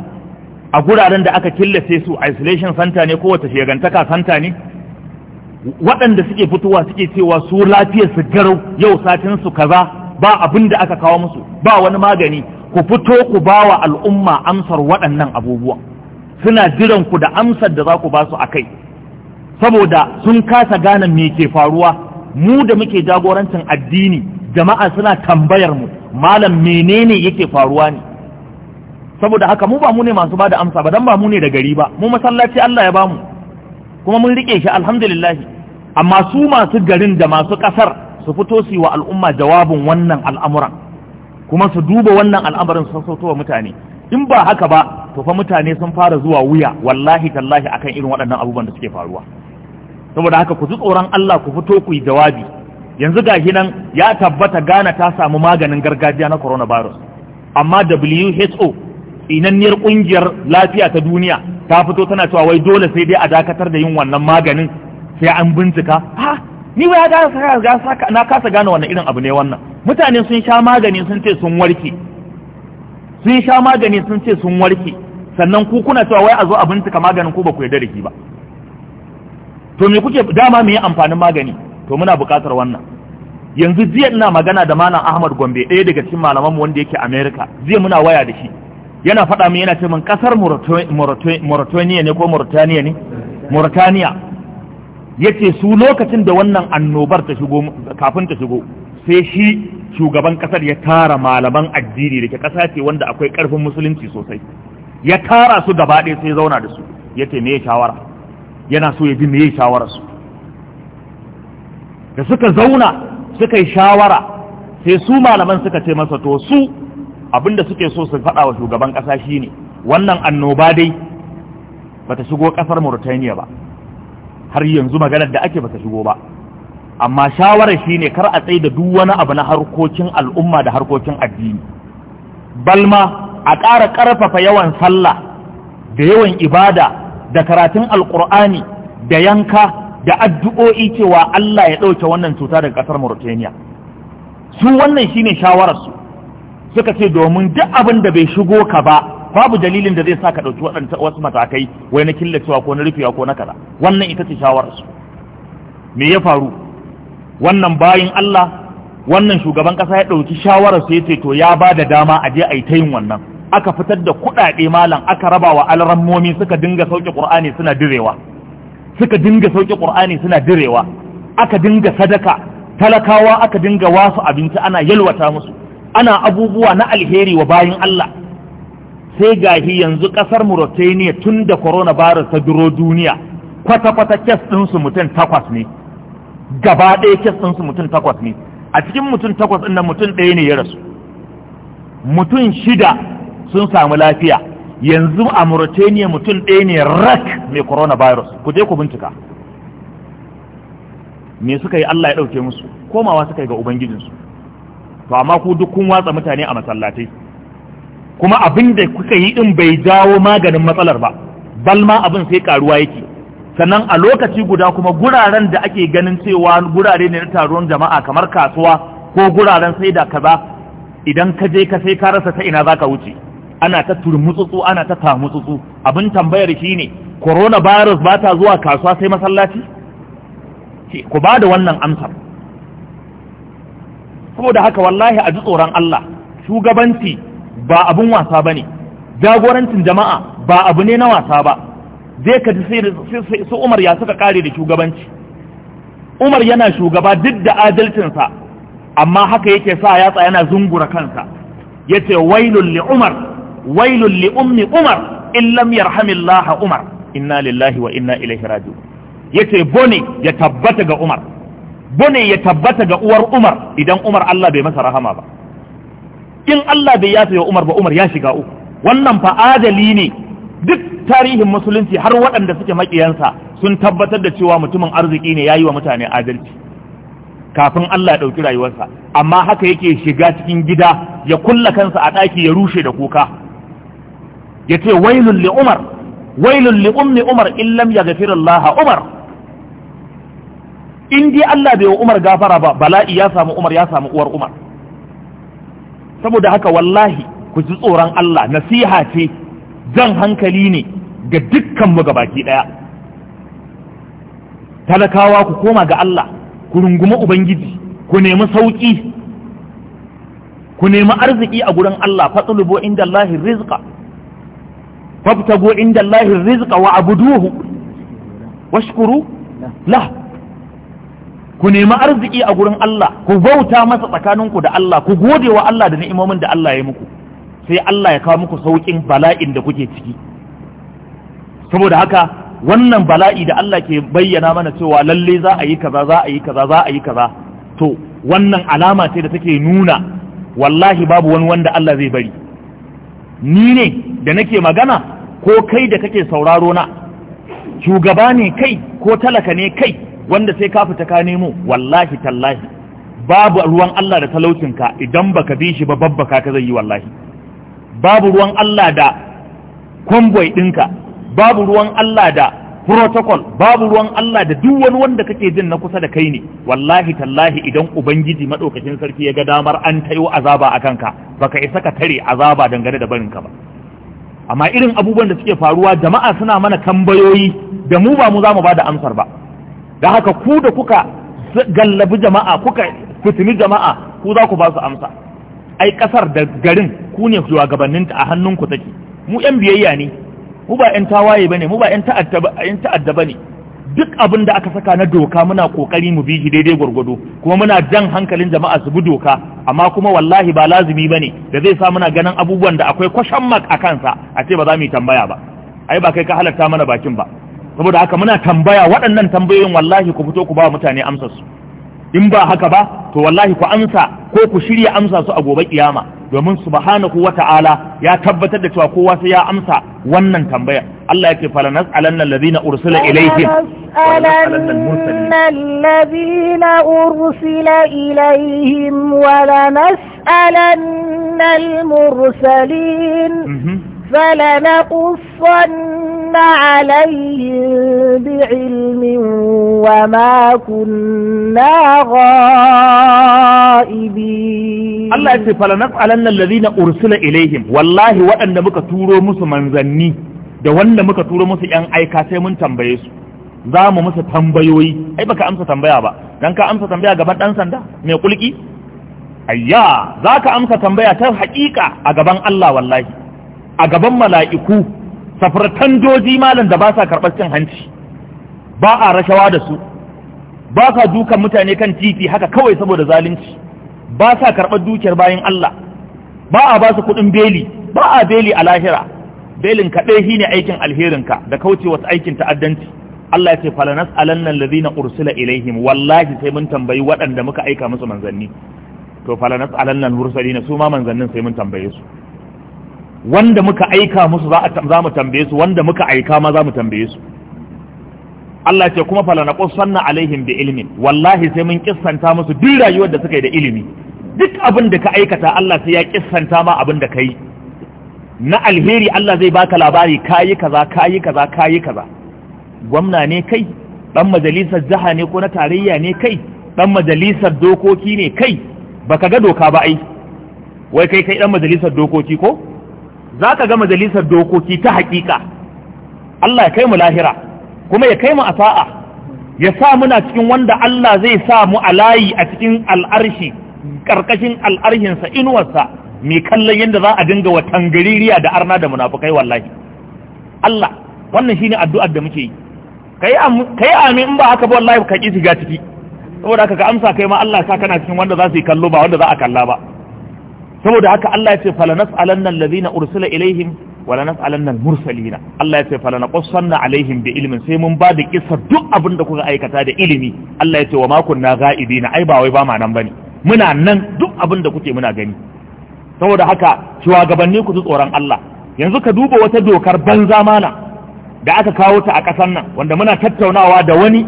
a guraren da aka killace su isolation center ne kowace shegantaka center ne waɗanda suke fitowa suke cewa su lafiyar su garau yau satin su kaza ba abin da aka kawo musu ba wani magani ku fito ku ba wa al'umma amsar waɗannan abubuwa suna jiran ku da amsar da za ku ba su a kai saboda sun kasa gane me ke faruwa mu da muke jagorancin addini jama'a suna tambayar mu malam menene yake faruwa ne saboda haka mu ba mu ne masu bada amsa ba dan ba mu ne da gari ba mu masallaci Allah ya bamu kuma mun rike shi alhamdulillah amma su masu garin da masu kasar su fito su wa al'umma jawabin wannan al'amuran kuma su duba wannan al'amarin su wa mutane in ba haka ba to fa mutane sun fara zuwa wuya wallahi tallahi akan irin waɗannan abubuwan da suke faruwa saboda haka ku ji tsoron Allah ku fito ku yi jawabi yanzu gashi nan ya tabbata Ghana ta samu maganin gargajiya na coronavirus amma WHO inanniyar kungiyar lafiya ta duniya ta fito tana cewa wai dole sai dai a dakatar da yin wannan maganin sai an bincika ha ni ba na kasa gane wannan irin abu ne wannan mutane sun sha magani sun ce sun warke sun sha magani sun ce sun warke sannan ku kuna cewa wai a zo a bincika maganin ku ba ku yarda da shi ba to me kuke dama me amfanin magani to muna buƙatar wannan yanzu jiya ina magana da malam Ahmad Gombe ɗaya daga cikin malaman wanda yake America jiya muna waya da shi yana faɗa min yana ce min kasar Mauritania ne ko Mauritania ne Mauritania yace su lokacin da wannan annobar ta shigo kafin ta shigo sai shi shugaban kasar ya tara malaman addini da ke kasa ce wanda akwai karfin musulunci sosai ya tara su gaba ɗaya sai zauna da su yace me shawara yana so ya bi yi shawararsu da suka zauna suka yi shawara sai su malaman suka ce masa to su abinda suke so su faɗa wa shugaban ƙasa shine wannan annoba dai ta shigo ƙasar Mauritania ba har yanzu maganar da ake ba ta shigo ba amma shawarar shine kar a tsaye da duk wani abu na harkokin al'umma da harkokin addini balma a ƙara ƙarfafa yawan sallah da yawan ibada da karatun alkur'ani da yanka da addu'o'i cewa Allah ya ɗauke wannan cuta daga ƙasar Mauritania su wannan shi ne shawararsu suka ce domin duk abin da bai shigo ka ba babu dalilin da zai sa ka ɗauki waɗanta wasu matakai wai na killacewa ko na rufewa ko na kaza wannan ita ce shawararsu me ya faru wannan bayin Allah wannan shugaban ƙasa ya ɗauki shawararsu ya ce to ya ba da dama a je a yi ta yin wannan aka fitar da kuɗaɗe malam aka raba wa alrammomi suka dinga sauke ƙur'ani suna direwa suka dinga sauke ƙur'ani suna direwa aka dinga sadaka talakawa aka dinga wasu abinci ana yalwata musu ana abubuwa na alheri wa bayan Allah sai gahi yanzu ƙasar Mauritania tun da coronavirus ta duro duniya kwata-kwata kes ɗinsu mutum takwas ne gaba ɗaya kes ɗinsu mutum takwas ne a cikin mutum takwas ɗin nan mutum ɗaya ne ya rasu mutum shida sun samu lafiya yanzu a Mauritania mutum ɗaya ne rak mai coronavirus ku je ku bincika me suka yi Allah ya ɗauke musu komawa suka yi ga ubangijinsu to amma ku duk kun watsa mutane a masallatai kuma abin da kuka yi ɗin bai jawo maganin matsalar ba balma abin sai karuwa yake sannan a lokaci guda kuma guraren da ake ganin cewa gurare ne na taron jama'a kamar kasuwa ko guraren sai da kaza idan ka je ka sai ka rasa ta ina zaka wuce ana ta turmutsutsu ana ta tamutsutsu abin tambayar shine coronavirus ba ta zuwa kasuwa sai masallaci ku ba da wannan amsar saboda haka wallahi a ji tsoron Allah shugabanci ba abin wasa ba ne jagorancin jama'a ba abu ne na wasa ba zai ka ji su umar ya suka kare da shugabanci umar yana shugaba duk da adalcinsa amma haka yake sa yatsa yana zungura kansa ya ce li umar Wai li ummi umar in lam yarhamillah umar inna lillahi wa inna ilaihi yace bone ya tabbata ga umar bone ya tabbata ga uwar umar idan umar Allah bai masa rahama ba in Allah bai yafe wa umar ba umar ya shiga uku wannan fa adali ne duk tarihin musulunci har waɗanda suke makiyansa sun tabbatar da cewa mutumin arziki ne yayi wa mutane adalci kafin Allah ya ɗauki rayuwarsa amma haka yake shiga cikin gida ya kulla kansa a ɗaki ya rushe da kuka ya ce wailun li umar wailun li ummi umar illam ya gafira Allah umar in dai Allah bai wa umar gafara ba bala'i ya samu umar ya samu uwar umar saboda haka wallahi ku ji tsoron Allah nasiha ce jan hankali ne ga dukkanmu gabaki daya talakawa ku koma ga Allah ku rungumi ubangiji ku nemi sauki ku nemi arziki a gurin Allah fatulubu inda Allahi rizqa fabtagu inda Allahi rizqa wa abuduhu washkuru la ku nemi arziki a gurin Allah ku bauta masa tsakaninku da Allah ku gode wa Allah da ni'imomin da Allah ya muku sai Allah ya kawo muku saukin bala'in da kuke ciki saboda haka wannan bala'i da Allah ke bayyana mana cewa lalle za a yi kaza za a yi kaza za a yi kaza to wannan alama ce da take nuna wallahi babu wani wanda Allah zai bari ni ne da nake magana ko kai da kake sauraro na shugaba ne kai ko talaka ne kai wanda sai ka fita ka nemo wallahi tallahi babu ruwan Allah da talaucinka idan baka bi shi ba babbaka ka zai yi wallahi babu ruwan Allah da convoy ɗinka babu ruwan Allah da protocol babu ruwan Allah da duk wani wanda kake jin na kusa da kai ne wallahi tallahi idan ubangiji madaukakin sarki ya ga damar an tayo azaba a kanka baka isa ka tare azaba dangane da barinka ba amma irin abubuwan da suke faruwa jama'a suna mana kambayoyi da mu ba mu za mu ba da amsar ba da haka ku da kuka gallabi jama'a kuka fitini jama'a ku za ku ba su amsa ai kasar da garin ku ne zuwa shugabanninta a hannunku take mu yan biyayya ne mu ba yan tawaye bane mu ba yan ta'adda bane duk abin da aka saka na doka muna kokari mu bi shi daidai gwargwado kuma muna jan hankalin jama'a su bi doka amma kuma wallahi ba lazumi bane da zai sa muna ganin abubuwan da akwai kwashan mak a kansa a ce ba za mu yi tambaya ba ai ba kai ka halarta mana bakin ba saboda haka muna tambaya waɗannan tambayoyin wallahi ku fito ku ba mutane amsar su in ba haka ba to wallahi ku amsa ko ku shirya amsa su a gobe kiyama domin subhanahu wata'ala ya tabbatar da cewa kowa sai ya amsa wannan tambaya Allah yake fala nas'alanna alladhina ursila ilayhim alladhina ursila ilayhim wa lanas'alanna al-mursalin mhm. فلنقصن عليهم بعلم وما كنا غائبين الله يقول فلنفعلن الذين أرسل إليهم والله وأن muka turo musu manzanni da wanda muka turo musu yan aika sai mun tambaye su za mu musu tambayoyi ai baka amsa tambaya ba don ka amsa tambaya gaban dan sanda mai kulki ayya za ka amsa tambaya ta hakika a gaban Allah wallahi a gaban mala'iku safartan doji malam da ba sa karɓar cin hanci ba a rashawa da su ba sa dukan mutane kan titi haka kawai saboda zalunci ba sa karɓar dukiyar bayan Allah ba a ba su kuɗin beli ba a beli a lahira belin kaɗai shi ne aikin alherinka da kauce wasu aikin ta'addanci Allah ya ce falanas alannan lazina ursula ilaihim wallahi sai mun tambayi waɗanda muka aika musu manzanni to falanas alannan mursalina su ma manzannin sai mun tambaye su wanda muka aika musu za mu tambaye su wanda muka aika ma za mu tambaye su Allah ce kuma fala na qussanna alaihim bi ilmin wallahi sai mun kissanta musu duk rayuwar da suka yi da ilimi duk abin da ka aikata Allah sai ya kissanta ma abin da kai na alheri Allah zai baka labari kayi kaza kayi kaza kayi kaza gwamna ne kai dan majalisar jaha ne ko na tarayya ne kai dan majalisar dokoki ne kai baka ga doka ba ai wai kai kai dan majalisar dokoki ko za ka ga majalisar dokoki ta hakika Allah ya kai mu lahira kuma ya kai mu asa'a. ya sa muna cikin wanda Allah zai sa mu a layi a cikin al'arshi ƙarƙashin al'arshinsa inuwarsa mai kallon yadda za a dinga wa tangaririya da arna da munafukai wallahi Allah wannan shine addu'ar da muke yi kai amin in ba haka ba wallahi ka ki shiga ciki saboda haka ka amsa kai ma Allah ya sa kana cikin wanda za su yi kallo ba wanda za a kalla ba saboda haka Allah ya ce fala nas'alanna allazina ursila ilaihim wala nas'alanna al-mursalina Allah ya ce fala naqussanna alaihim bi ilmin sai mun ba da kisa duk abin da kuka aikata da ilimi Allah ya ce wa ma kunna ghaibina ai ba wai ba ma nan bane muna nan duk abin da kuke muna gani saboda haka shugabanni ku ji tsoron Allah yanzu ka duba wata dokar banza mana da aka kawo ta a ƙasar nan wanda muna tattaunawa da wani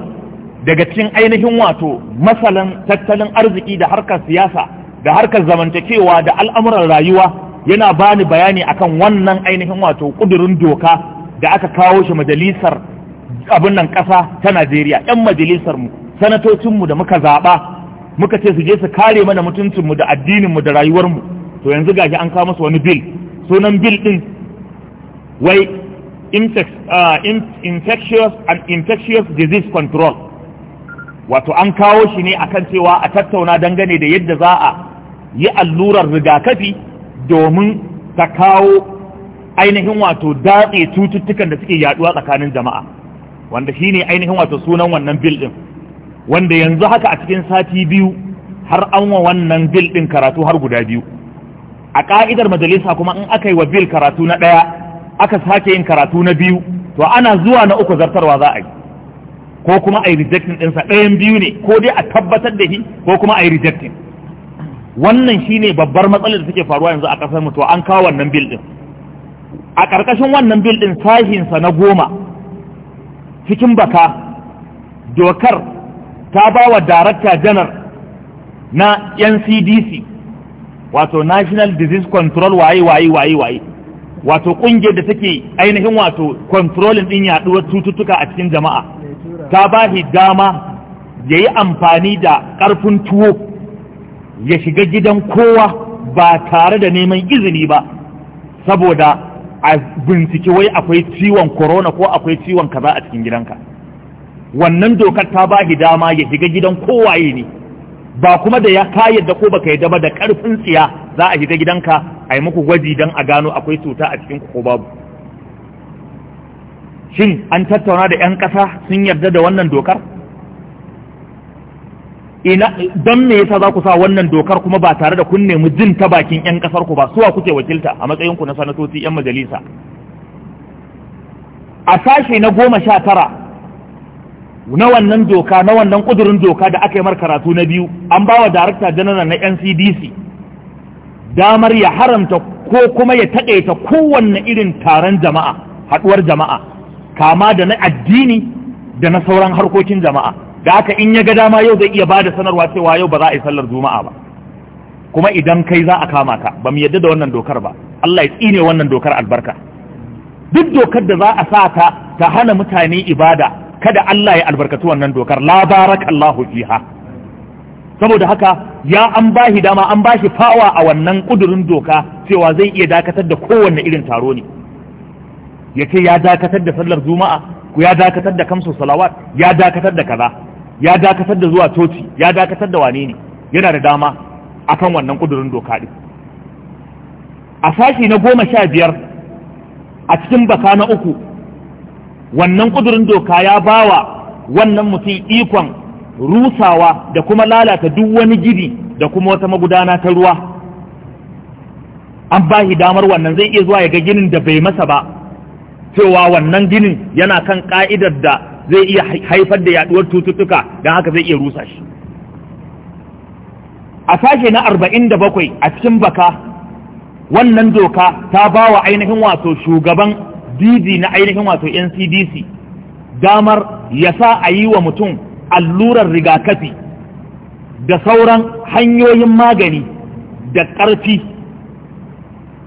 daga cikin ainihin wato masalan tattalin arziki da harkar siyasa da harkar zamantakewa da al'amuran rayuwa yana bani bayani akan wannan ainihin wato kudurin doka da aka kawo shi majalisar abin nan ƙasa ta Najeriya Yan majalisar mu sanatocin da muka zaɓa muka ce su je su kare mana mutuncinmu da addinin mu da rayuwar mu to yanzu gashi an kawo musu wani bill sunan bil ɗin wai ah, infectious and infectious disease control wato an kawo shi ne akan cewa a tattauna dangane da yadda za a yi allurar rigakafi domin ta kawo ainihin wato datse cututtukan da suke yaduwa tsakanin jama'a wanda shine ainihin wato sunan wannan bil din wanda yanzu haka a cikin sati biyu har an wa wannan bil din karatu har guda biyu a ka'idar majalisa kuma in aka yi wa bil karatu na ɗaya aka sake yin karatu na biyu to ana zuwa na uku zartarwa za a yi ko kuma a yi rejecting ɗinsa ɗayan biyu ne ko dai a tabbatar da shi ko kuma a yi rejecting wannan shine babbar matsalar da take faruwa yanzu a ƙasar mu to an kawo wannan bil a ƙarƙashin wannan bil din na goma cikin baka dokar ta ba wa darakta janar na NCDC wato National Disease Control waye waye waye waye wato ƙungiyar da take ainihin wato controlling din yaduwar cututtuka a cikin jama'a ta ba shi dama yayi amfani da ƙarfin tuwo ya shiga gidan kowa ba tare da neman izini ba saboda a bincike wai akwai ciwon corona ko akwai ciwon kaza a cikin gidanka wannan dokar ta ba shi dama ya shiga gidan kowaye ne ba kuma da ya ka yadda ko baka yadda ba da karfin tsiya za a shiga gidanka a yi muku gwaji don a gano akwai cuta a cikin ko babu shin an tattauna da 'yan ƙasa sun yarda da wannan dokar ina don me yasa za ku sa wannan dokar kuma ba tare da kun nemi jin ta bakin 'yan kasar ku ba suwa kuke wakilta a matsayin ku na sanatoci 'yan majalisa a sashe na goma sha tara na wannan doka na wannan kudurin doka da aka yi mar karatu na biyu an ba wa darakta janaral na ncdc damar ya haramta ko kuma ya taƙaita kowanne irin taron jama'a haɗuwar jama'a kama da na addini da na sauran harkokin jama'a da aka in ya ga dama yau zai iya da sanarwa cewa yau ba za a yi sallar juma'a ba kuma idan kai za a kama ka ba mu yadda da wannan dokar ba Allah ya tsine wannan dokar albarka duk dokar da za a sa ta ta hana mutane ibada kada Allah ya albarkaci wannan dokar la barakallahu fiha saboda haka ya an bashi dama an bashi fawa a wannan kudurin doka cewa zai iya dakatar da kowanne irin taro ne ya ce ya dakatar da sallar juma'a ku ya dakatar da kamsu salawat ya dakatar da kaza ya dakatar da zuwa coci ya dakatar da wane ne yana da dama akan wannan kudurin doka din a sashi na goma sha biyar a cikin baka na uku wannan kudurin doka ya bawa wannan mutum ikon rusawa da kuma lalata duk wani gidi da kuma wata magudana ta ruwa an ba shi damar wannan zai iya zuwa ya ga ginin da bai masa ba cewa wannan ginin yana kan ka'idar da zai iya haifar da yaduwar cututtuka don haka zai iya rusa shi a sashe na arba'in da bakwai a cikin baka wannan doka ta ba wa ainihin wato shugaban didi na ainihin wato ncdc damar ya sa a yi wa mutum allurar rigakafi da sauran hanyoyin magani da ƙarfi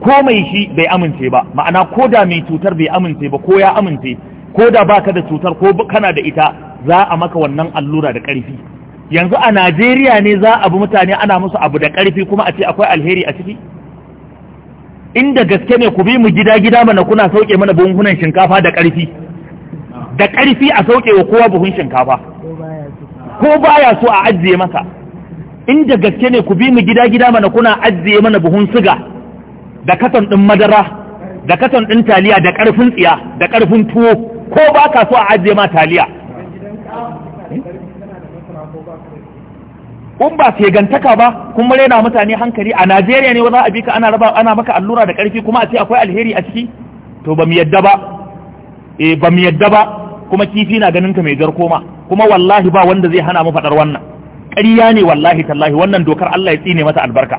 ko mai shi bai amince ba ma'ana ko da mai cutar bai amince ba ko ya amince ko da baka da cutar ko kana da ita za a maka wannan allura da ƙarfi yanzu a Najeriya ne za a bi mutane ana musu abu da ƙarfi kuma a ce akwai alheri a ciki inda gaske ne ku bi mu gida gida mana kuna sauke mana buhunan shinkafa da ƙarfi da ƙarfi a sauke wa kowa buhun shinkafa ko baya so a ajiye masa inda gaske ne ku bi mu gida gida mana kuna ajiye mana buhun suga da katon ɗin madara da katon ɗin taliya da ƙarfin tsiya da ƙarfin tuwo ko ba ka so a ajiye ma taliya in ba ke gantaka ba kuma rena mutane hankali a Najeriya ne za a bi ka ana raba ana maka allura da karfi kuma a ce akwai alheri a ciki to ba mu yadda ba eh ba mu yadda ba kuma kifi na ganin ka mai jar koma kuma wallahi ba wanda zai hana mu fadar wannan ƙarya ne wallahi tallahi wannan dokar Allah ya tsine mata albarka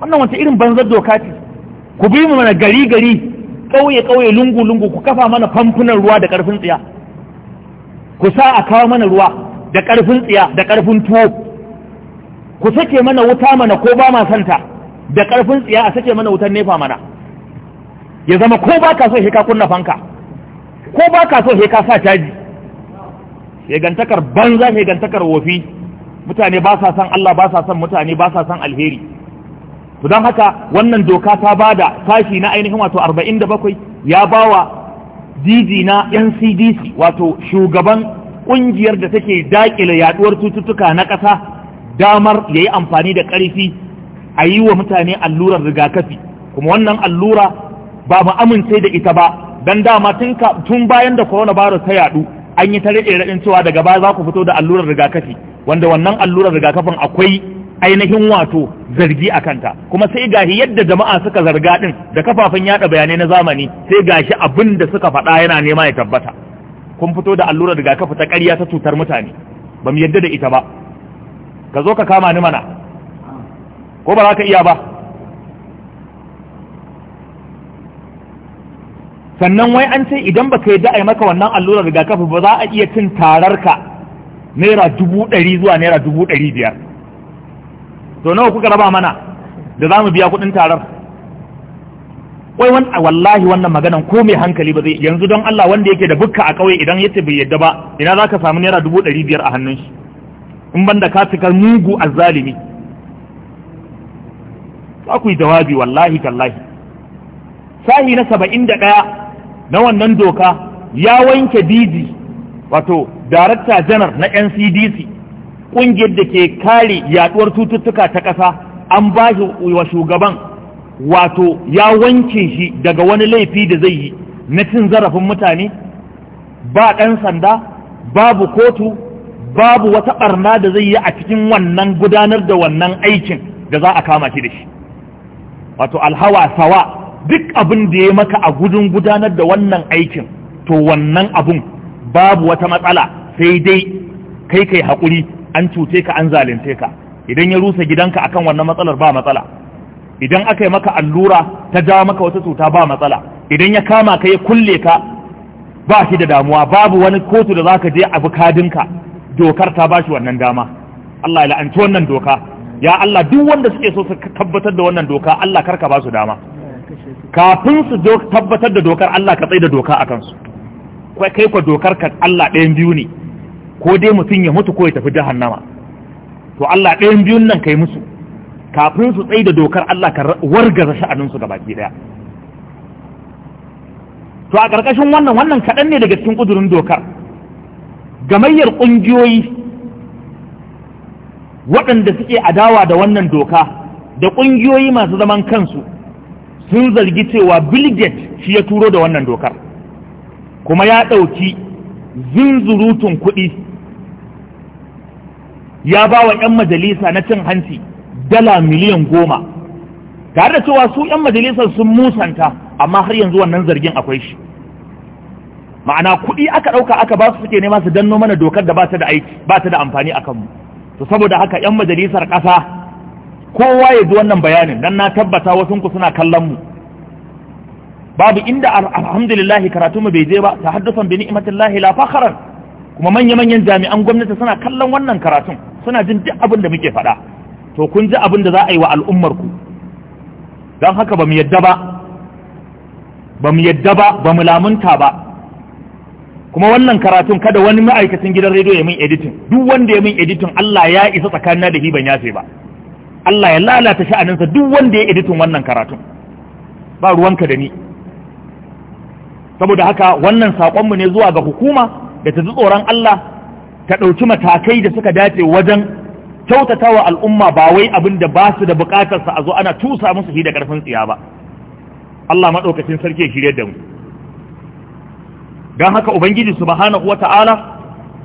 wannan wata irin banzar doka ce ku bi mu mana gari gari ƙauye kauye lungu lungu ku kafa mana famfunan ruwa da ƙarfin tsiya ku sa a kawo mana ruwa da ƙarfin tsiya da ƙarfin tuwo ku sake mana wuta mana ko ba ma santa da ƙarfin tsiya a sake mana wutan nefa mana ya zama ko ba ka so shi ka kunna fanka ko ba ka so shi ka sa caji shegantakar banza shegantakar wofi mutane ba sa son Allah ba sa son mutane ba sa son alheri don haka wannan doka ta ba da tashi na ainihin wato 47 ya bawa didi na NCDC wato shugaban kungiyar da take dakile yaduwar cututtuka na ƙasa damar ya yi amfani da ƙarfi a yi wa mutane allurar rigakafi kuma wannan allura ba mu amince da ita ba don dama tun bayan da coronavirus ta yadu an yi ta rade raɗin cewa daga baya za ku fito da allurar rigakafi wanda wannan allurar rigakafin akwai ainihin wato zargi a kanta kuma sai gashi yadda jama'a suka zarga din da kafafen yada bayanai na zamani sai gashi abin da suka faɗa yana nema ya tabbata kun fito da allurar kafa ta ƙarya ta cutar mutane ba mu yadda da ita ba ka zo ka kama ni mana ko ba za ka iya ba sannan wai an ce idan baka yadda a yi maka wannan allurar rigakafi ba za a iya cin tararka naira dubu ɗari zuwa naira dubu ɗari biyar to nawa kuka raba mana da za mu biya kuɗin tarar wai wallahi wannan maganan ko mai hankali ba zai yanzu don Allah wanda yake da bukka a kauye idan yace bai yadda ba ina zaka samu naira dubu a hannun shi in banda ka katikar mugu azzalimi ku jawabi wallahi tallahi sahi na saba'in da ɗaya na wannan doka ya wanke didi wato darakta janar na ncdc ƙungiyar da ke kare yaduwar cututtuka ta ƙasa an ba shi wa shugaban wato ya wanke shi daga wani laifi da zai yi na cin zarafin mutane ba ɗan sanda babu kotu babu wata ɓarna da zai yi a cikin wannan gudanar da wannan aikin da za a kama shi da shi wato alhawa sawa duk abin da ya maka a gudun gudanar da wannan aikin to wannan abun babu wata matsala sai dai kai kai haƙuri an cuce ka an zalunce ka idan ya rusa gidanka akan wannan matsalar ba matsala idan aka yi maka allura ta ja maka wata cuta ba matsala idan ya kama ka ya kulle ka ba shi da damuwa babu wani kotu da zaka je abu kadinka dokar ta ba shi wannan dama Allah ya la'anci wannan doka ya Allah duk wanda suke so su tabbatar da wannan doka Allah karka ba su dama kafin su tabbatar da dokar Allah ka tsaye da doka a kansu kai kwa dokar ka Allah ɗayan biyu ne ko dai mutum ya mutu ko ya tafi jahannama to Allah ɗayan biyun nan kai musu kafin su tsaye da dokar Allah ka wargaza sha'aninsu da baki daya to a ƙarƙashin wannan wannan kaɗan ne daga cikin ƙudurin dokar gamayyar ƙungiyoyi waɗanda suke adawa da wannan doka da ƙungiyoyi masu zaman kansu sun zargi cewa bill shi ya turo da wannan dokar kuma ya ɗauki zunzurutun kuɗi ya ba wa 'yan majalisa na cin hanci dala miliyan goma tare da cewa su 'yan majalisar sun musanta amma har yanzu wannan zargin akwai shi ma'ana kuɗi aka ɗauka aka ba su suke nema su danno mana dokar da ba ta da aiki ba ta da amfani a kanmu to saboda haka 'yan majalisar ƙasa kowa ya ji wannan bayanin don na tabbata wasunku suna kallon mu babu inda alhamdulillah karatu mu bai je ba ta haddusan bi ni'matillah la fakhran kuma manya-manyan jami'an gwamnati suna kallon wannan karatun suna jin duk abin da muke faɗa to kun ji abin da za a yi wa al'ummar ku don haka ba mu yadda ba ba mu yadda ba ba mu lamunta ba kuma wannan karatun kada wani ma'aikacin gidan rediyo ya min editin duk wanda ya min editin Allah ya isa tsakanina da ya yafe ba Allah ya lalata sha'aninsa duk wanda ya editin wannan karatun ba ruwanka da ni saboda haka wannan saƙonmu ne zuwa ga hukuma da ta ji tsoron Allah ta ɗauki matakai da suka dace wajen kyautata wa al'umma ba wai abin da ba su da buƙatarsa a zo ana tusa musu shi da ƙarfin tsiya ba Allah maɗaukacin sarki ya shirya da mu don haka ubangiji subhanahu ta'ala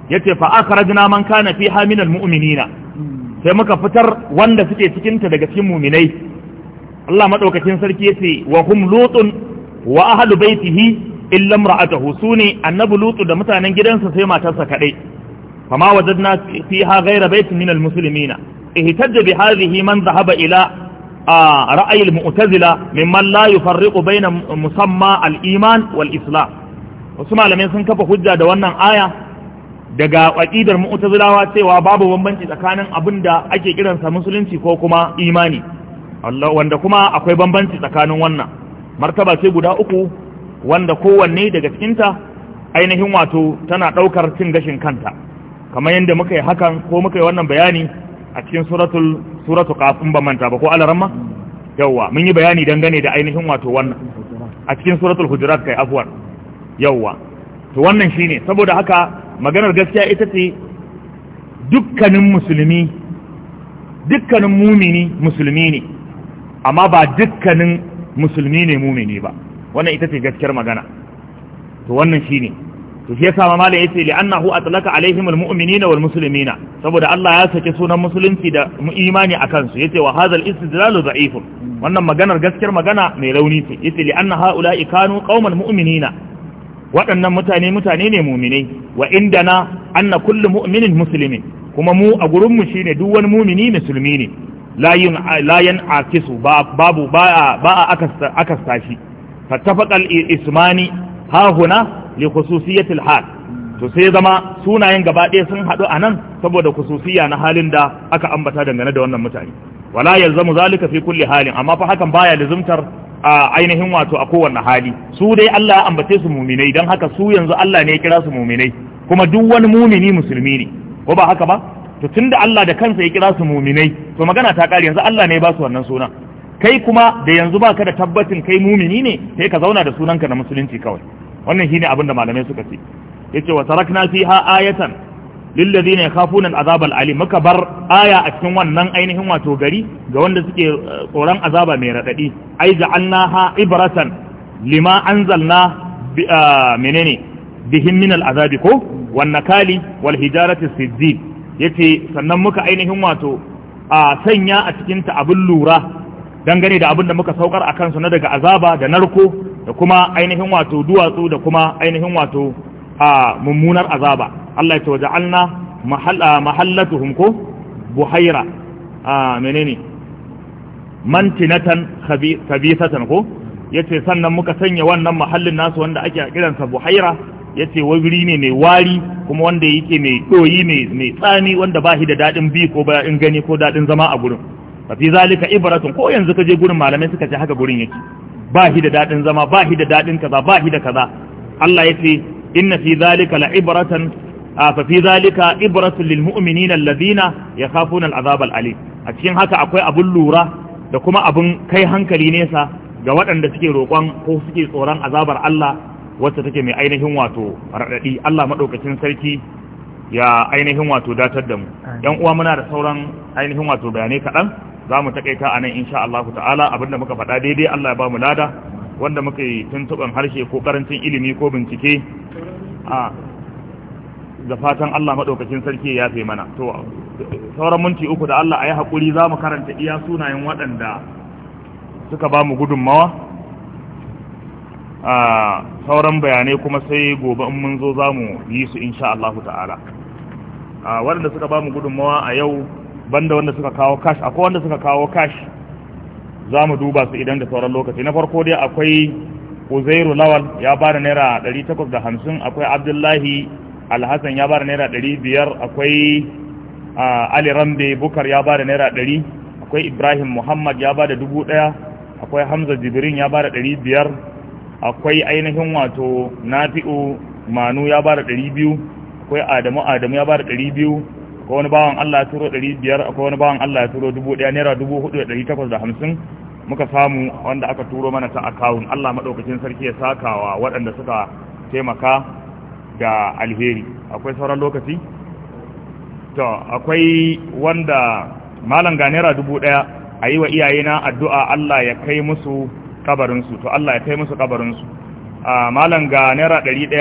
ya ce fa akhrajna man kana fi haminal mu'minina sai muka fitar wanda suke cikinta daga cikin mu'minai Allah maɗaukacin sarki ya ce wa hum lutun wa ahlu baitihi illa imra'atahu sune annabi lutu da mutanen gidansa sai matarsa kadai fama wajadna fiha ghayra baytin min almuslimina ihtajja bi hadhihi man dhahaba ila ra'ayi almu'tazila mimman la yufarriqu bayna musamma aliman wal islam wasu malamai sun kafa hujja da wannan aya daga aqidar mu'tazilawa cewa babu bambanci tsakanin abinda ake kiransa musulunci ko kuma imani wanda kuma akwai bambanci tsakanin wannan martaba ce guda uku wanda kowanne daga cikinta ainihin wato tana ɗaukar cin gashin kanta kamar yadda muka yi hakan ko muka yi wannan bayani a cikin suratul suratu kafin ban manta ba ko alaramma yawwa mun yi bayani dangane da ainihin wato wannan a cikin suratul hujurat kai afwan yawwa to wannan shine saboda haka maganar gaskiya ita ce dukkanin musulmi dukkanin mumini musulmi ne amma ba dukkanin musulmi ne mumini ba wannan ita ce gaskiyar magana to wannan shine to shi yasa malam yace li annahu atlaka alaihim almu'minina wal muslimina saboda Allah ya saki sunan musulunci da imani akan su yace wa hadha al-istidlal da'if wannan maganar gaskiyar magana mai rauni ce yace li anna haula'i kanu qauman mu'minina waɗannan mutane mutane ne mu'minai wa indana anna kullu mu'minin muslimin kuma mu a gurin mu shine duk wani mu'mini musulmi ne la yun la yan akisu babu ba ba akasta akasta shi fattafaqa al-ismani ha huna li hal to sai zama sunayen gaba ɗaya sun haɗu a nan saboda kususiya na halin da aka ambata dangane da wannan mutane wala yalzamu zalika fi kulli halin amma fa hakan baya lazumtar a ainihin wato a kowanne hali su dai Allah ya ambace su muminai don haka su yanzu Allah ne ya kira su muminai kuma duk wani mumini musulmi ne ko ba haka ba to tunda Allah da kansa ya kira su muminai to magana ta ƙare yanzu Allah ne ya ba su wannan sunan kai kuma da yanzu baka da tabbacin kai mumini ne sai ka zauna da sunanka na musulunci kawai wannan shine abin da malamai suka ce yace wa tarakna fiha ayatan lil ladina kafunan al azab al muka bar aya a cikin wannan ainihin wato gari ga wanda suke eh, tsoron azaba mai raɗaɗi. ai ja'alnaha ibratan lima anzalna ah, menene bihin min al azabi ko wan kali wal hijarati sijjid yace sannan muka ainihin wato a ah, sanya a cikin ta abin lura dangane da abin da muka saukar a kansu na daga azaba da narko da kuma ainihin wato duwatsu da kuma ainihin wato a mummunar azaba Allah ya ce al'na mahallatuhum ko buhaira a menene mantinatan khabithatan ko yace sannan muka sanya wannan mahallin nasu wanda ake kiransa buhaira yace wuri ne mai wari kuma wanda yake mai doyi mai tsani wanda ba shi da dadin bi ko ba in gani ko dadin zama a gurin fa zalika ko yanzu ka je gurin malamai suka ce haka gurin yake ba shi da daɗin zama ba shi da daɗin kaza ba shi da kaza Allah ya ce inna fi zalika la ibratan fa fi zalika ibratun lil mu'minina alladhina yakhafuna al'azab al'alim a cikin haka akwai abun lura da kuma abun kai hankali nesa ga waɗanda suke roƙon ko suke tsoron azabar Allah wacce take mai ainihin wato raɗaɗi Allah maɗaukacin sarki ya ainihin wato datar da mu ‘yan uwa muna da sauran ainihin wato bayanai kaɗan za mu takaita a nan insha Allah ta'ala abinda muka faɗa daidai Allah ya ba mu lada wanda muka yi tuntuɓin harshe ko karancin ilimi ko bincike a da fatan Allah maɗaukakin sarki ya fi mana to sauran minti uku da Allah a yi haƙuri za mu karanta iya sunayen waɗanda suka ba mu gudunmawa a sauran bayanai kuma sai gobe in mun zo zamu yi su insha Allah ta'ala a waɗanda suka ba mu gudunmawa a yau banda wanda suka kawo cash akwai wanda suka kawo cash za mu duba su idan da sauran lokaci na farko dai akwai uzairu lawal ya bada naira 850 akwai abdullahi alhassan ya bada naira 500 akwai ali rambe bukar ya bada naira 100 akwai ibrahim muhammad ya bada 1000 akwai hamza jibrin ya bada 500 akwai ainihin wato nafi'u manu ya bada 200 akwai adamu adamu ya bada 200 akwai wani bawan Allah ya turo 500 akwai wani bawan Allah ya turo 1000 naira 4850 muka samu wanda aka turo mana ta account Allah madaukakin sarki ya sakawa waɗanda suka taimaka da alheri akwai sauran lokaci to akwai wanda malam ga naira 1000 a yi wa iyayena addu'a Allah ya kai musu su to Allah ya kai musu kabarinsu malam ga naira 100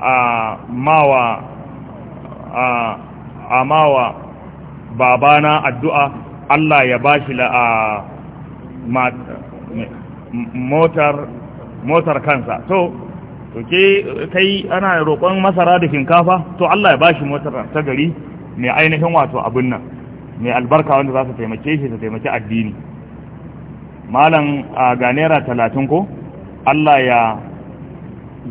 a mawa wa babana addu'a Allah ya bashi la motar motar kansa to to ke kai ana roƙon masara da shinkafa to Allah ya bashi motar ta gari mai ainihin wato abin nan mai albarka wanda za su taimake shi su taimaki addini malam a ganera naira talatin ko Allah ya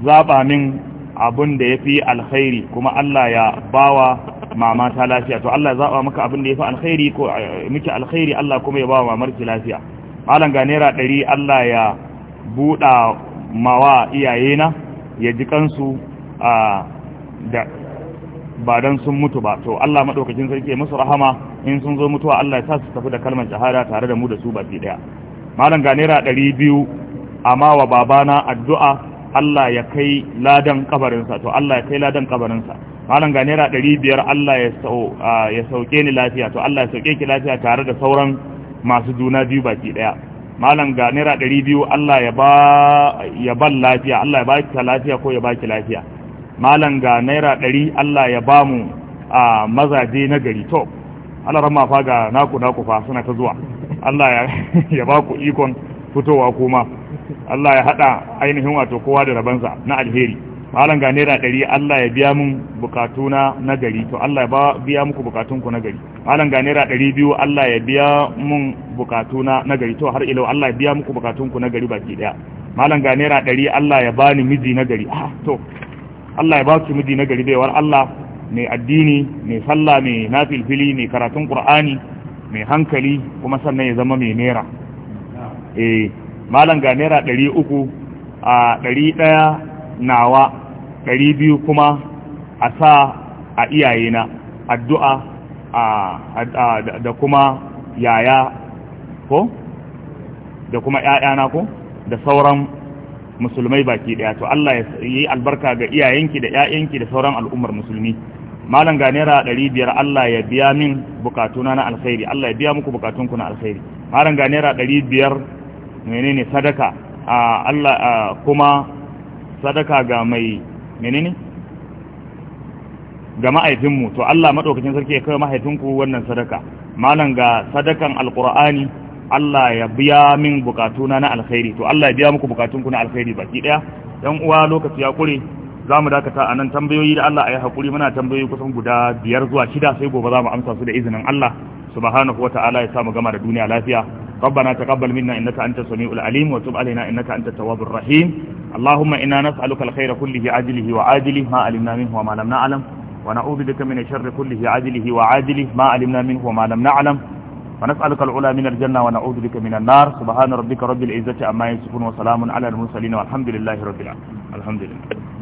zaba min abin da ya fi alkhairi kuma Allah ya bawa mama ta lafiya to Allah ya zaba maka abin da yafi alkhairi ko eh, miki alkhairi Allah kuma ya ba wa mamarki lafiya malam ga naira 100 Allah ya buda mawa iyayena ya ji kansu a da ba dan sun mutu ba to Allah madaukakin sarki ya musu rahama in sun zo mutuwa Allah ya sa su tafi da kalmar shahada tare da mu da su fi daya malam ga naira 200 amma wa babana addu'a Allah ya kai ladan kabarinsa to Allah ya kai ladan kabarinsa malam ga naira ɗari biyar Allah ya sauke ni lafiya to Allah ya sauke ki lafiya tare da sauran masu juna biyu baki ɗaya malam ga naira ɗari biyu Allah ya ba ya ban lafiya Allah ya ba ki lafiya ko ya ba ki lafiya malam ga naira ɗari Allah ya ba mu mazaje na gari to Allah rama fa ga naku naku fa suna ta zuwa Allah ya ba ku ikon fitowa kuma Allah ya haɗa ainihin wato kowa da rabansa na alheri malam ga naira ɗari Allah ya biya mun bukatuna na gari to Allah ya biya muku bukatunku na gari malam ga naira ɗari biyu Allah ya biya mun bukatuna na gari to har ilau Allah ya biya muku bukatunku na gari baki ɗaya malam ga naira ɗari Allah ya bani miji na gari ah to Allah ya ba ku miji na gari baiwar Allah mai addini mai sallah mai nafilfili mai karatun qur'ani mai hankali kuma sannan ya zama mai naira eh malam ga naira ɗari uku a ɗari ɗaya nawa ɗari biyu kuma a sa a iyayena addu'a da kuma yaya ko da kuma ‘ya'yana ko da sauran musulmai baki ɗaya to Allah ya yi albarka ga iyayenki da ‘ya'yanki da sauran al'ummar musulmi malam ga naira ɗari biyar Allah ya biya min bukatuna na alkhairi Allah ya biya muku bukatunku na alkhairi malam ga naira ɗari biyar menene sadaka Allah kuma sadaka ga mai menene ga mahaifinmu to Allah madaukakin sarki ya kai mahaifinku wannan sadaka malam ga sadakan alqur'ani Allah ya biya min bukatuna na alkhairi to Allah ya biya muku bukatunku na alkhairi baki ɗaya. dan uwa lokaci ya kure za mu dakata a nan tambayoyi da Allah a yi haƙuri muna tambayoyi kusan guda biyar zuwa shida sai gobe za mu amsa su da izinin Allah subhanahu wata'ala ya samu gama da duniya lafiya rabbana taqabbal minna innaka antas samiul alim wa tub alaina innaka antat tawwabur rahim allahumma inna nas'aluka alkhayra kullihi ajlihi wa ajlihi ma alimna minhu wa ma lam na'lam wa na'udhu bika min sharri kullihi ajlihi wa ajlihi ma alimna minhu wa ma lam na'lam wa nas'aluka alula min aljanna wa na'udhu bika min annar subhana rabbika rabbil izzati amma yasifun wa salamun ala almursalin walhamdulillahi rabbil alamin alhamdulillah